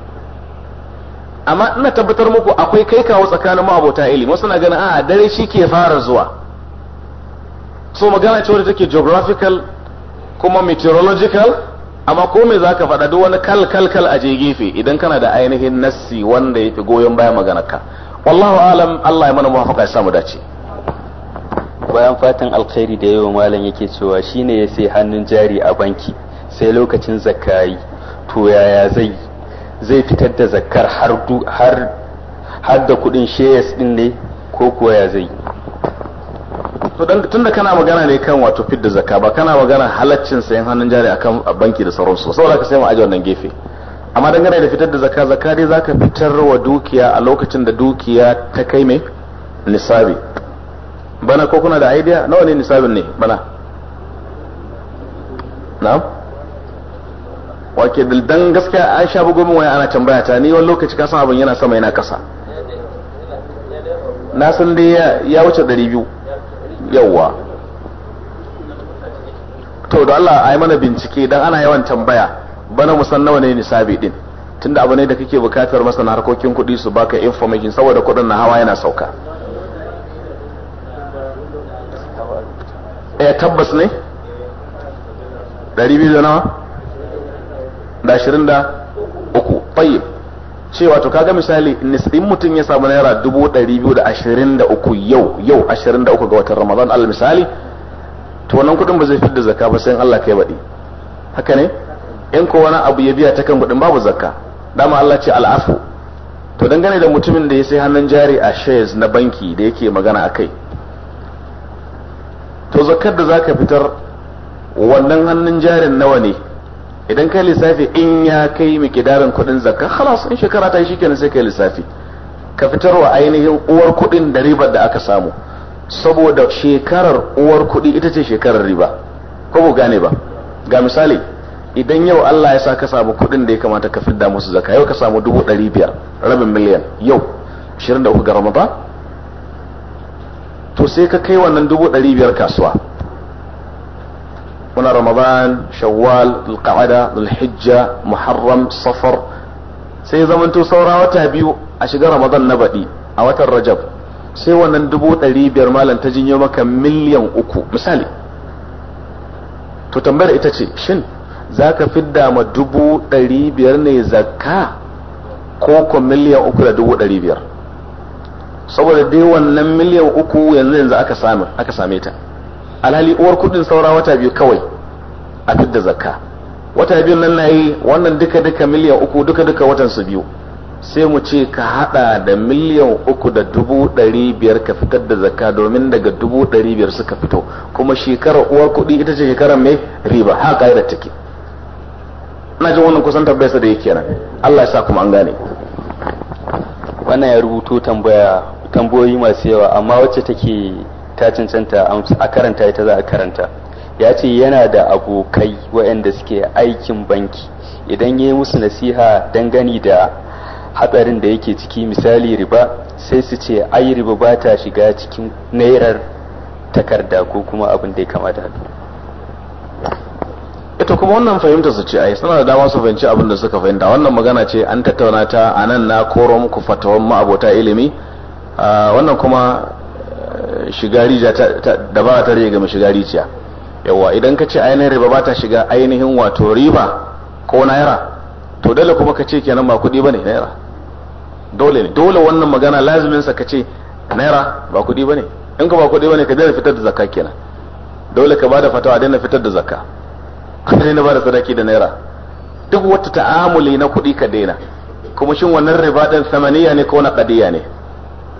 amma ina tabbatar muku akwai kai kawo tsakanin ma'abota ilimi wasu na ganin a dare shi ke fara zuwa so magana ce wadda take geographical kuma meteorological amma ko me zaka faɗa duk wani kal kal kal a je gefe idan kana da ainihin nassi wanda ya fi goyon bayan maganarka wallahu alam Allah ya mana muwafaqa ya samu dace bayan fatan alkhairi da yawan malam yake cewa shine ya sai hannun jari a banki sai lokacin zakka to yaya zai zai fitar da zakar har da kudin shares din ne ko kuwa ya zai tun tunda kana magana ne kan wato fit da zakka ba kana magana halaccin sayan hannun jari akan banki da sauransu saboda ka sai mu aje wannan gefe amma dangane da fitar da zakka zakka dai zaka fitar wa dukiya a lokacin da dukiya ta kai mai nisabi bana ko kuna da idea nawa ne nisabin ne bana na'am wake dan gaskiya an sha bugo min waya ana tambaya ta ni wani lokaci kasan abin yana sama yana kasa na san dai ya wuce 200 yawa to da Allah ai mana bincike dan ana yawan tambaya bana musan nawa ne nisabi din tunda abu ne da kake bukatar masana harkokin kuɗi su baka information saboda kuɗin na hawa yana sauka eh tabbas ne 200 da nawa da ashirin da uku tayyib cewa to kaga misali in mutum ya samu naira dubu ɗari biyu da ashirin da uku yau yau ashirin da uku ga watan ramadan al misali to wannan kuɗin ba zai fitar da zakka ba sai Allah kai baɗi haka ne in ko wani abu ya biya ta kan kuɗin babu zakka dama Allah ce al'afu to dangane da mutumin da ya sai hannun jari a shares na banki da yake magana a kai to zakkar da zaka fitar wannan hannun jarin nawa ne idan kai lissafi in ya kai mikidarin kuɗin zakka halas in shekara ta yi shikenan sai kai lissafi ka fitar wa ainihin uwar kuɗin da ribar da aka samu saboda shekarar uwar kuɗi ita ce shekarar riba ko ba gane ba ga misali idan yau Allah ya sa ka samu kuɗin da ya kamata ka fidda musu zakka yau ka samu dubu ɗari biyar rabin miliyan yau 23 ga Ramadan to sai ka kai wannan dubu ɗari biyar kasuwa muna ramadan shawwal alqa'ada alhijja muharram safar sai zamanto saura wata biyu a shiga ramadan na baɗi a watan rajab sai wannan dubu ɗari biyar malam ta jinyo maka miliyan uku misali to tambayar ita ce shin za ka fidda ma dubu ɗari biyar ne zakka ko ko miliyan uku da dubu ɗari biyar saboda dai wannan miliyan uku yanzu yanzu aka same ta alhali uwar kudin saura wata biyu kawai a fidda zakka wata biyun nan nayi wannan duka duka miliyan uku duka duka watan su biyu sai mu ce ka hada da miliyan uku da dubu ɗari biyar ka fitar da zakka domin daga dubu ɗari biyar suka fito kuma shekarar uwar kuɗi ita ce shekarar mai riba ha ƙa'idar take ina jin wannan kusan tabbaisa da yake nan Allah ya sa kuma an gane wannan ya rubuto tambaya tambayoyi masu yawa amma wacce take ta cancanta a karanta ita za a karanta ya ce yana da abokai waɗanda suke aikin banki idan ya yi musu nasiha dangane da hatsarin da yake ciki misali riba sai su ce ai riba ba ta shiga cikin nairar takarda ko kuma abin da ya kamata ita kuma wannan fahimta su ce ai suna da dama su fahimci abin da suka fahimta wannan magana ce an tattauna ta a nan na koron ku fatawan ma'abota ilimi ah, wannan kuma shiga rija da ba ta rage game shiga rijiya yawa idan ka ce ainihin riba ba ta shiga ainihin wato riba ko naira to dole kuma ka ce kenan ba kuɗi ba ne naira dole ne dole wannan magana laziminsa ka ce naira ba kuɗi ba ne in ka ba kuɗi ba ne ka daina fitar da zakka kenan dole ka ba da fatawa daina fitar da zakka daina ba da sadaki da naira duk wata ta'amuli na kuɗi ka daina kuma shin wannan riba din samaniya ne ko na qadiya ne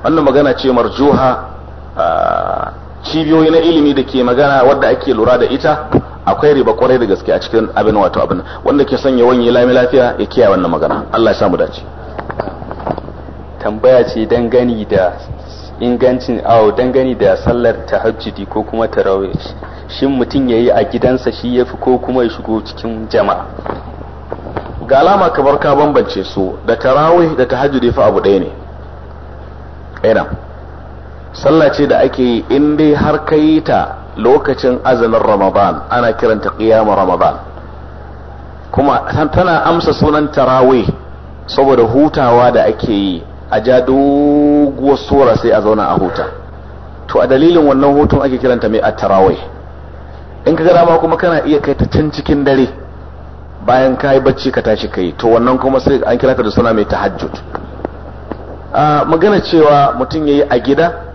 wannan magana ce marjuha cibiyoyi na ilimi da ke magana wadda ake lura da ita akwai riba kwarai da gaske a cikin abin wato abin wanda ke sanya wani lami lafiya ya kiyaye wannan magana Allah ya samu dace tambaya ce dangane da ingancin awo dangane da sallar tahajjudi ko kuma tarawih shin mutum ya yi a gidansa shi ya fi ko kuma ya shigo cikin jama'a ga alama kamar ka bambance su da tarawih da tahajjudi fa abu ɗaya ne sallah ce da ake yi in dai har ka yi ta lokacin azumin ramadan ana kiranta qiyam ramadan kuma tana amsa sunan tarawih saboda hutawa da ake yi a ja doguwar sura sai a zauna a huta to a dalilin wannan hutun ake kiranta mai a tarawih in ka ma kuma kana iya kai ta can cikin dare bayan ka yi bacci ka tashi kai to wannan kuma sai an kiranta ka da suna mai tahajjud a ah, magana cewa mutum yayi a gida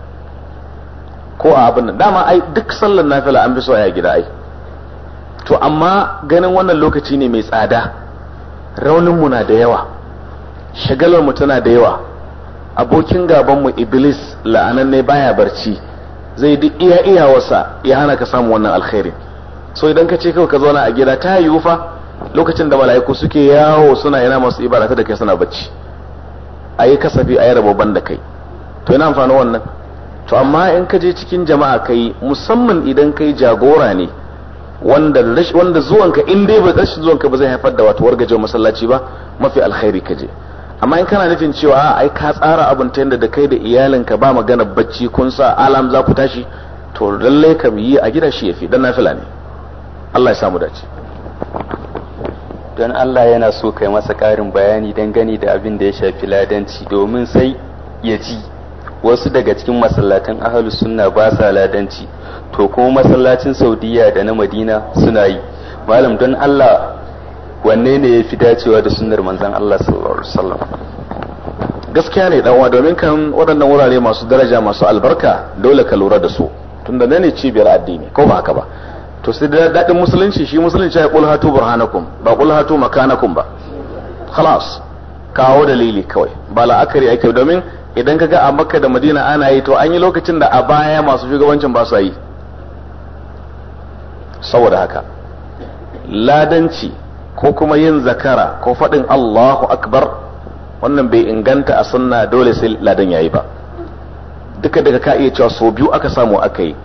ko a abin nan dama ai duk sallar nafila an fi so a gida ai to amma ganin wannan lokaci ne mai tsada raunin mu na da yawa shagalar mu tana da yawa abokin gaban mu iblis la'anan ne baya barci zai duk iya iya wasa ya hana ka samu wannan alkhairi so idan ka ce kawai ka zauna a gida ta yiwu fa lokacin da mala'iku suke yawo suna yana masu ibada ta da kai suna bacci a yi kasafi a yi rababban da kai to ina amfani wannan to amma in ka je cikin jama'a kai musamman idan kai jagora ne wanda wanda zuwanka in dai ba rashin zuwanka ba zai haifar da wato wargajewa masallaci ba mafi alkhairi ka je amma in kana nufin cewa ai ka tsara abin ta yadda da kai da iyalinka ba magana bacci kun sa alam za ku tashi to lalle ka yi a gida shi yafi dan nafila ne Allah ya samu dace don Allah yana so kai masa karin bayani dangane da abin da ya shafi ladanci domin sai ya ji wasu daga cikin masallatan ahalu sunna ba sa ladanci to kuma masallacin saudiya da na madina suna yi malam don allah wanne ne ya fi dacewa da sunnar manzan allah sallallahu alaihi wasallam gaskiya ne dan domin kan waɗannan wurare masu daraja masu albarka dole ka lura da su tunda ne cibiyar addini ko ba haka ba to sai da daɗin musulunci shi musulunci ya kul hatu burhanakum ba kul hatu makanakum ba khalas kawo dalili kawai ba la'akari ake domin idan ka ga a makka da madina ana yi to an yi lokacin da a baya masu shugabancin ba su yi saboda haka ladanci ko kuma yin zakara ko faɗin allahu akbar wannan bai inganta a sunna dole sai ladan yayi ba duka daga ka iya cewa sau biyu aka samu aka yi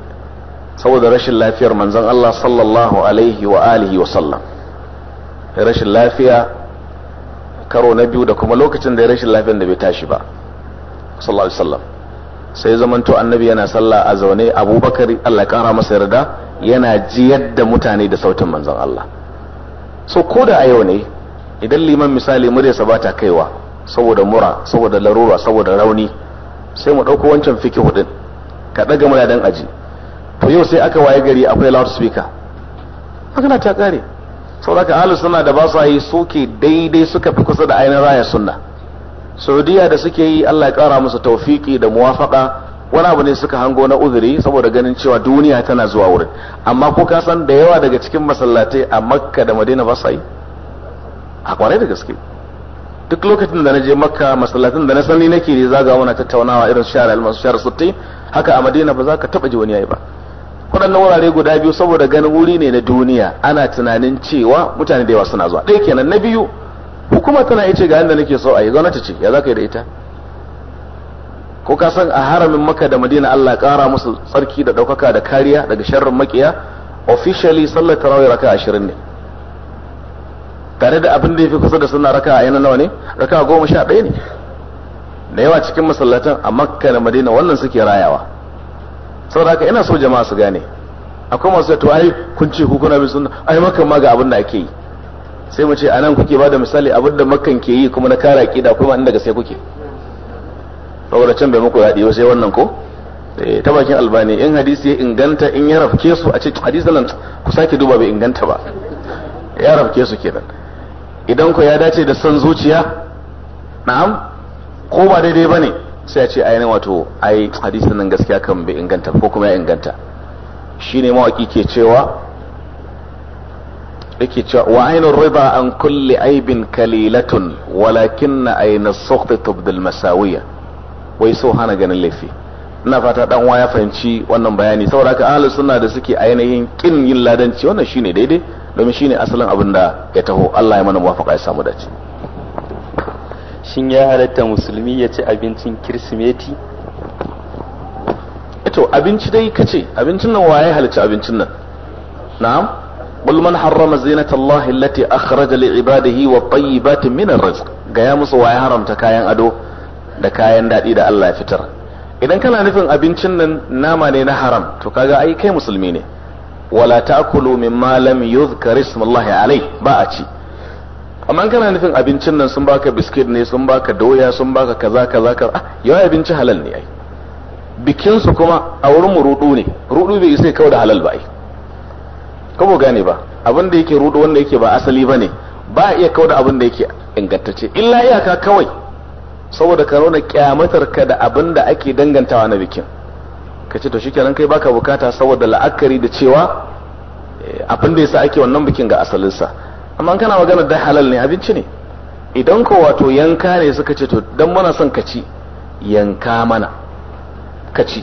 saboda rashin lafiyar manzon Allah sallallahu alaihi wa alihi wa sallam rashin lafiya karo na biyu da kuma lokacin da rashin lafiyar da bai tashi ba sallallahu wasallam sai zamanto annabi yana sallah a zaune abubakar Allah kara masa yarda yana jiyar da mutane da sautin manzon Allah so ko da a yau ne idan liman misali muryarsa ba bata kaiwa saboda mura saboda larura saboda rauni sai mu ɗauko wancan fiki hudin ka ɗaga muladan aji to yau sai aka waye gari akwai loud speaker magana ta kare saboda ka ahlus sunna da ba su yi suke daidai suka fi kusa da ainihin raya sunna saudiya da suke yi allah ya kara musu taufiki da muwafaka wani abu ne suka hango na uzuri saboda ganin cewa duniya tana zuwa wurin amma ko ka san da yawa daga cikin masallatai a makka da madina ba sai. a kwarai da gaske duk lokacin da na je makka masallatin da na sani nake ne zaga wani tattaunawa irin shara almasu shara sutti haka a madina ba za ka taba ji wani yayi ba waɗannan wurare guda biyu saboda ganin wuri ne na duniya ana tunanin cewa mutane da yawa suna zuwa ɗaya kenan na biyu hukuma tana iya ga yadda nake so a yi gwamnati ce ya za ka yi da ita ko ka san a haramin maka da madina allah kara musu tsarki da ɗaukaka da kariya daga sharrin makiya officially sallar tarawih raka ashirin ne tare da abin da ya fi kusa da suna raka a yana nawa ne raka goma sha ɗaya ne da yawa cikin masallatan a makka da madina wannan suke rayawa saboda haka ina so jama'a su gane akwai masu to ai kun ce ku kuna bin sunna ai makan ma ga abin da ake yi sai mu ce nan kuke ba da misali abin da makkan ke yi kuma na kara kida kuma inda daga sai kuke saboda can bai muku yaɗi ba sai wannan ko eh, ta bakin albani in hadisi ya inganta in ya rafke su a ce hadisi nan ku sake duba bai inganta ba ya rafke su kenan idan ku ya dace da san zuciya na'am ko ba daidai ba ne sai a ce ainihin wato ai hadisi nan gaskiya kan bai inganta ko kuma ya inganta shine mawaki ke cewa yake cewa wa ainihin riba an kulli aibin kalilatun walakin aina sukhti tubdil masawiya wai so hana ganin laifi ina fata dan ya fahimci wannan bayani saboda haka ahlus sunna da suke ainihin kin yin ladanci wannan shine daidai domin shine asalin abin da ya taho Allah ya mana muwafaka ya samu dace shin ya halatta musulmi ya ci abincin kirsimeti eh to abinci dai kace abincin nan waye halicci abincin nan na'am قل من حرم زينة الله التي أخرج لعباده والطيبات من الرزق قيام musu waye تكاين أدو دكاين دا kayan daɗi da إذن كان fitar idan شنن ناما abincin حرم تكاين أي كي haram ولا تأكلوا مما لم يذكر اسم الله عليه باعتي lam yuzkar amma kana nufin abincin nan sun baka biskit ne sun baka doya sun baka kaza kaza ka ah yawa abinci halal ne ai bikin su kuma a wurin rudu ne rudu bai isa kawai da halal ba ai kabo gane ba abin da yake rudo wanda yake ba asali ba ne ba a iya kauda abin da yake ingantacce illa iyaka kawai saboda ka nuna kyamatar ka da abin da ake dangantawa na bikin ka ce to shikenan kai baka bukata saboda la'akari da cewa eh, abin da yasa ake wannan bikin ga asalinsa amma kana magana da halal ne abinci ne idan ko wato yanka ne suka ce to dan muna son ka ci yanka mana ka ci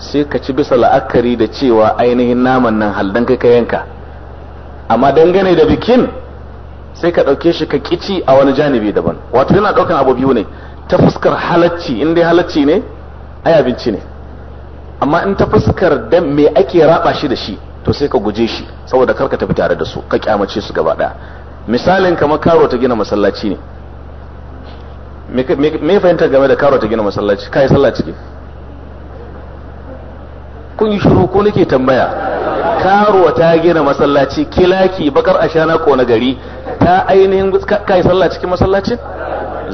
sai ka ci bisa la'akari da cewa ainihin naman nan haldan kai ka yanka amma dangane da bikin sai ka ɗauke shi ka kici a wani janibi daban wato yana ɗaukan abu biyu ne ta fuskar halacci in dai halacci ne ai abinci ne amma in ta fuskar dan me ake raba shi da shi to sai ka guje shi saboda karka tafi tare da su ka kyamace su gaba ɗaya misalin kamar karo ta gina masallaci ne me fahimta game da karo ta gina masallaci kai sallah ciki kun yi shiru ko nake tambaya karuwa ta gina masallaci kilaki bakar ashana ko na gari ta ainihin kai sallah cikin masallacin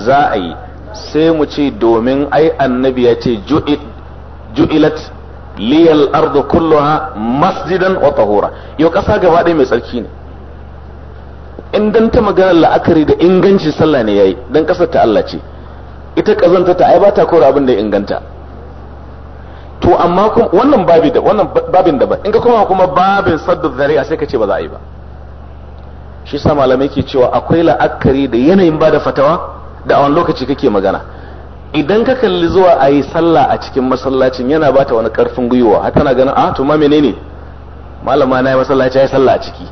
za a yi sai mu ce domin ai annabi ya ce ju'ilat liyal ardu kulluha masjidan wa tahura yau kasa gaba ɗaya mai tsarki ne in dan ta maganar la'akari da inganci sallah ne yayi dan kasar ta Allah ce ita kazanta ta ai ba ta kora abin da inganta to amma kuma wannan babi da wannan babin daban in ka kuma kuma babin saddu zari'a sai ka ce ba za a yi ba shi sa malamai ke cewa akwai la'akari da yanayin ba da fatawa da a wani lokaci kake magana idan ka kalli zuwa a yi sallah a cikin masallacin yana bata wani karfin gwiwa har tana ganin ah to ma menene malama na yi masallaci ya yi sallah a ciki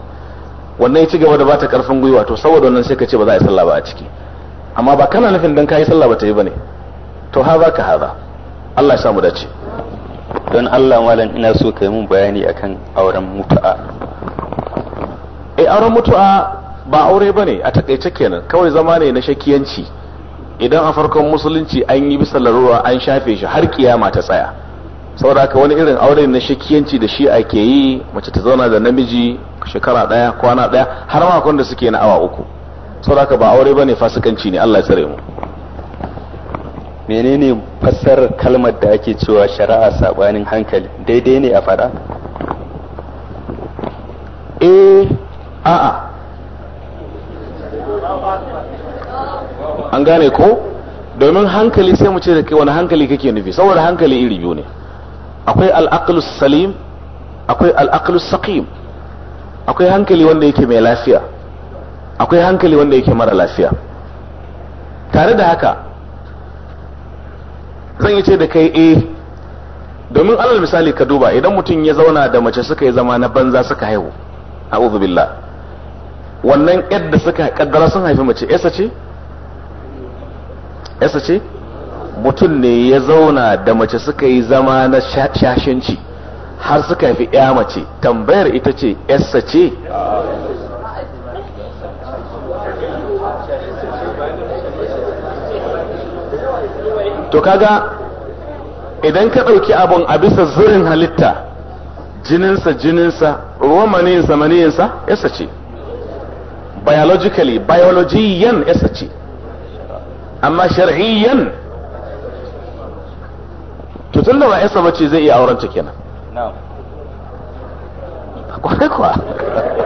wannan ya ci gaba da bata karfin gwiwa to saboda wannan sai ka ce ba za a yi sallah ba a ciki amma ba kana nufin dan ka yi sallah ba ta yi ba ne to haza ka haza Allah ya samu dace don Allah malam ina so ka yi mun bayani akan auren mutu'a eh auren mutu'a ba aure bane a takaice kenan kawai zama ne na shakiyanci idan a farkon musulunci an yi bisa larura an shafe shi har kiyama ta tsaya saboda ka wani irin aure na shakiyanci da shi ake yi mace ta zauna da namiji shekara daya kwana daya har makon da suke na awa uku saboda ka ba aure bane fasikanci ne Allah ya tsare mu menene fassarar kalmar da ake cewa shari'a sabanin hankali daidai ne a faɗa eh a'a an gane ko domin hankali sai mu ce da kai wani hankali kake nufi saboda hankali iri biyu ne akwai al'aqlu salim akwai al'aqlu saqim akwai hankali wanda yake mai lafiya akwai hankali wanda yake mara lafiya tare da haka zan yi ce da kai eh domin alal misali ka duba idan mutum ya zauna da mace suka yi zama na banza suka haihu a'udhu billah wannan yadda suka kaddara sun haifi mace yasa ce yasa ce mutum ne ya zauna da mace suka yi zama na shashinci har suka haifi ya mace tambayar ita ce yasa ce to kaga idan ka ɗauki abun a bisa zurin halitta jininsa jininsa ruwan maniyinsa maniyinsa yasa ce biologically biologiyan yasa ce amma shar'iyyan to tun da ba yasa bace zai iya auren ta kenan kwarai kwa?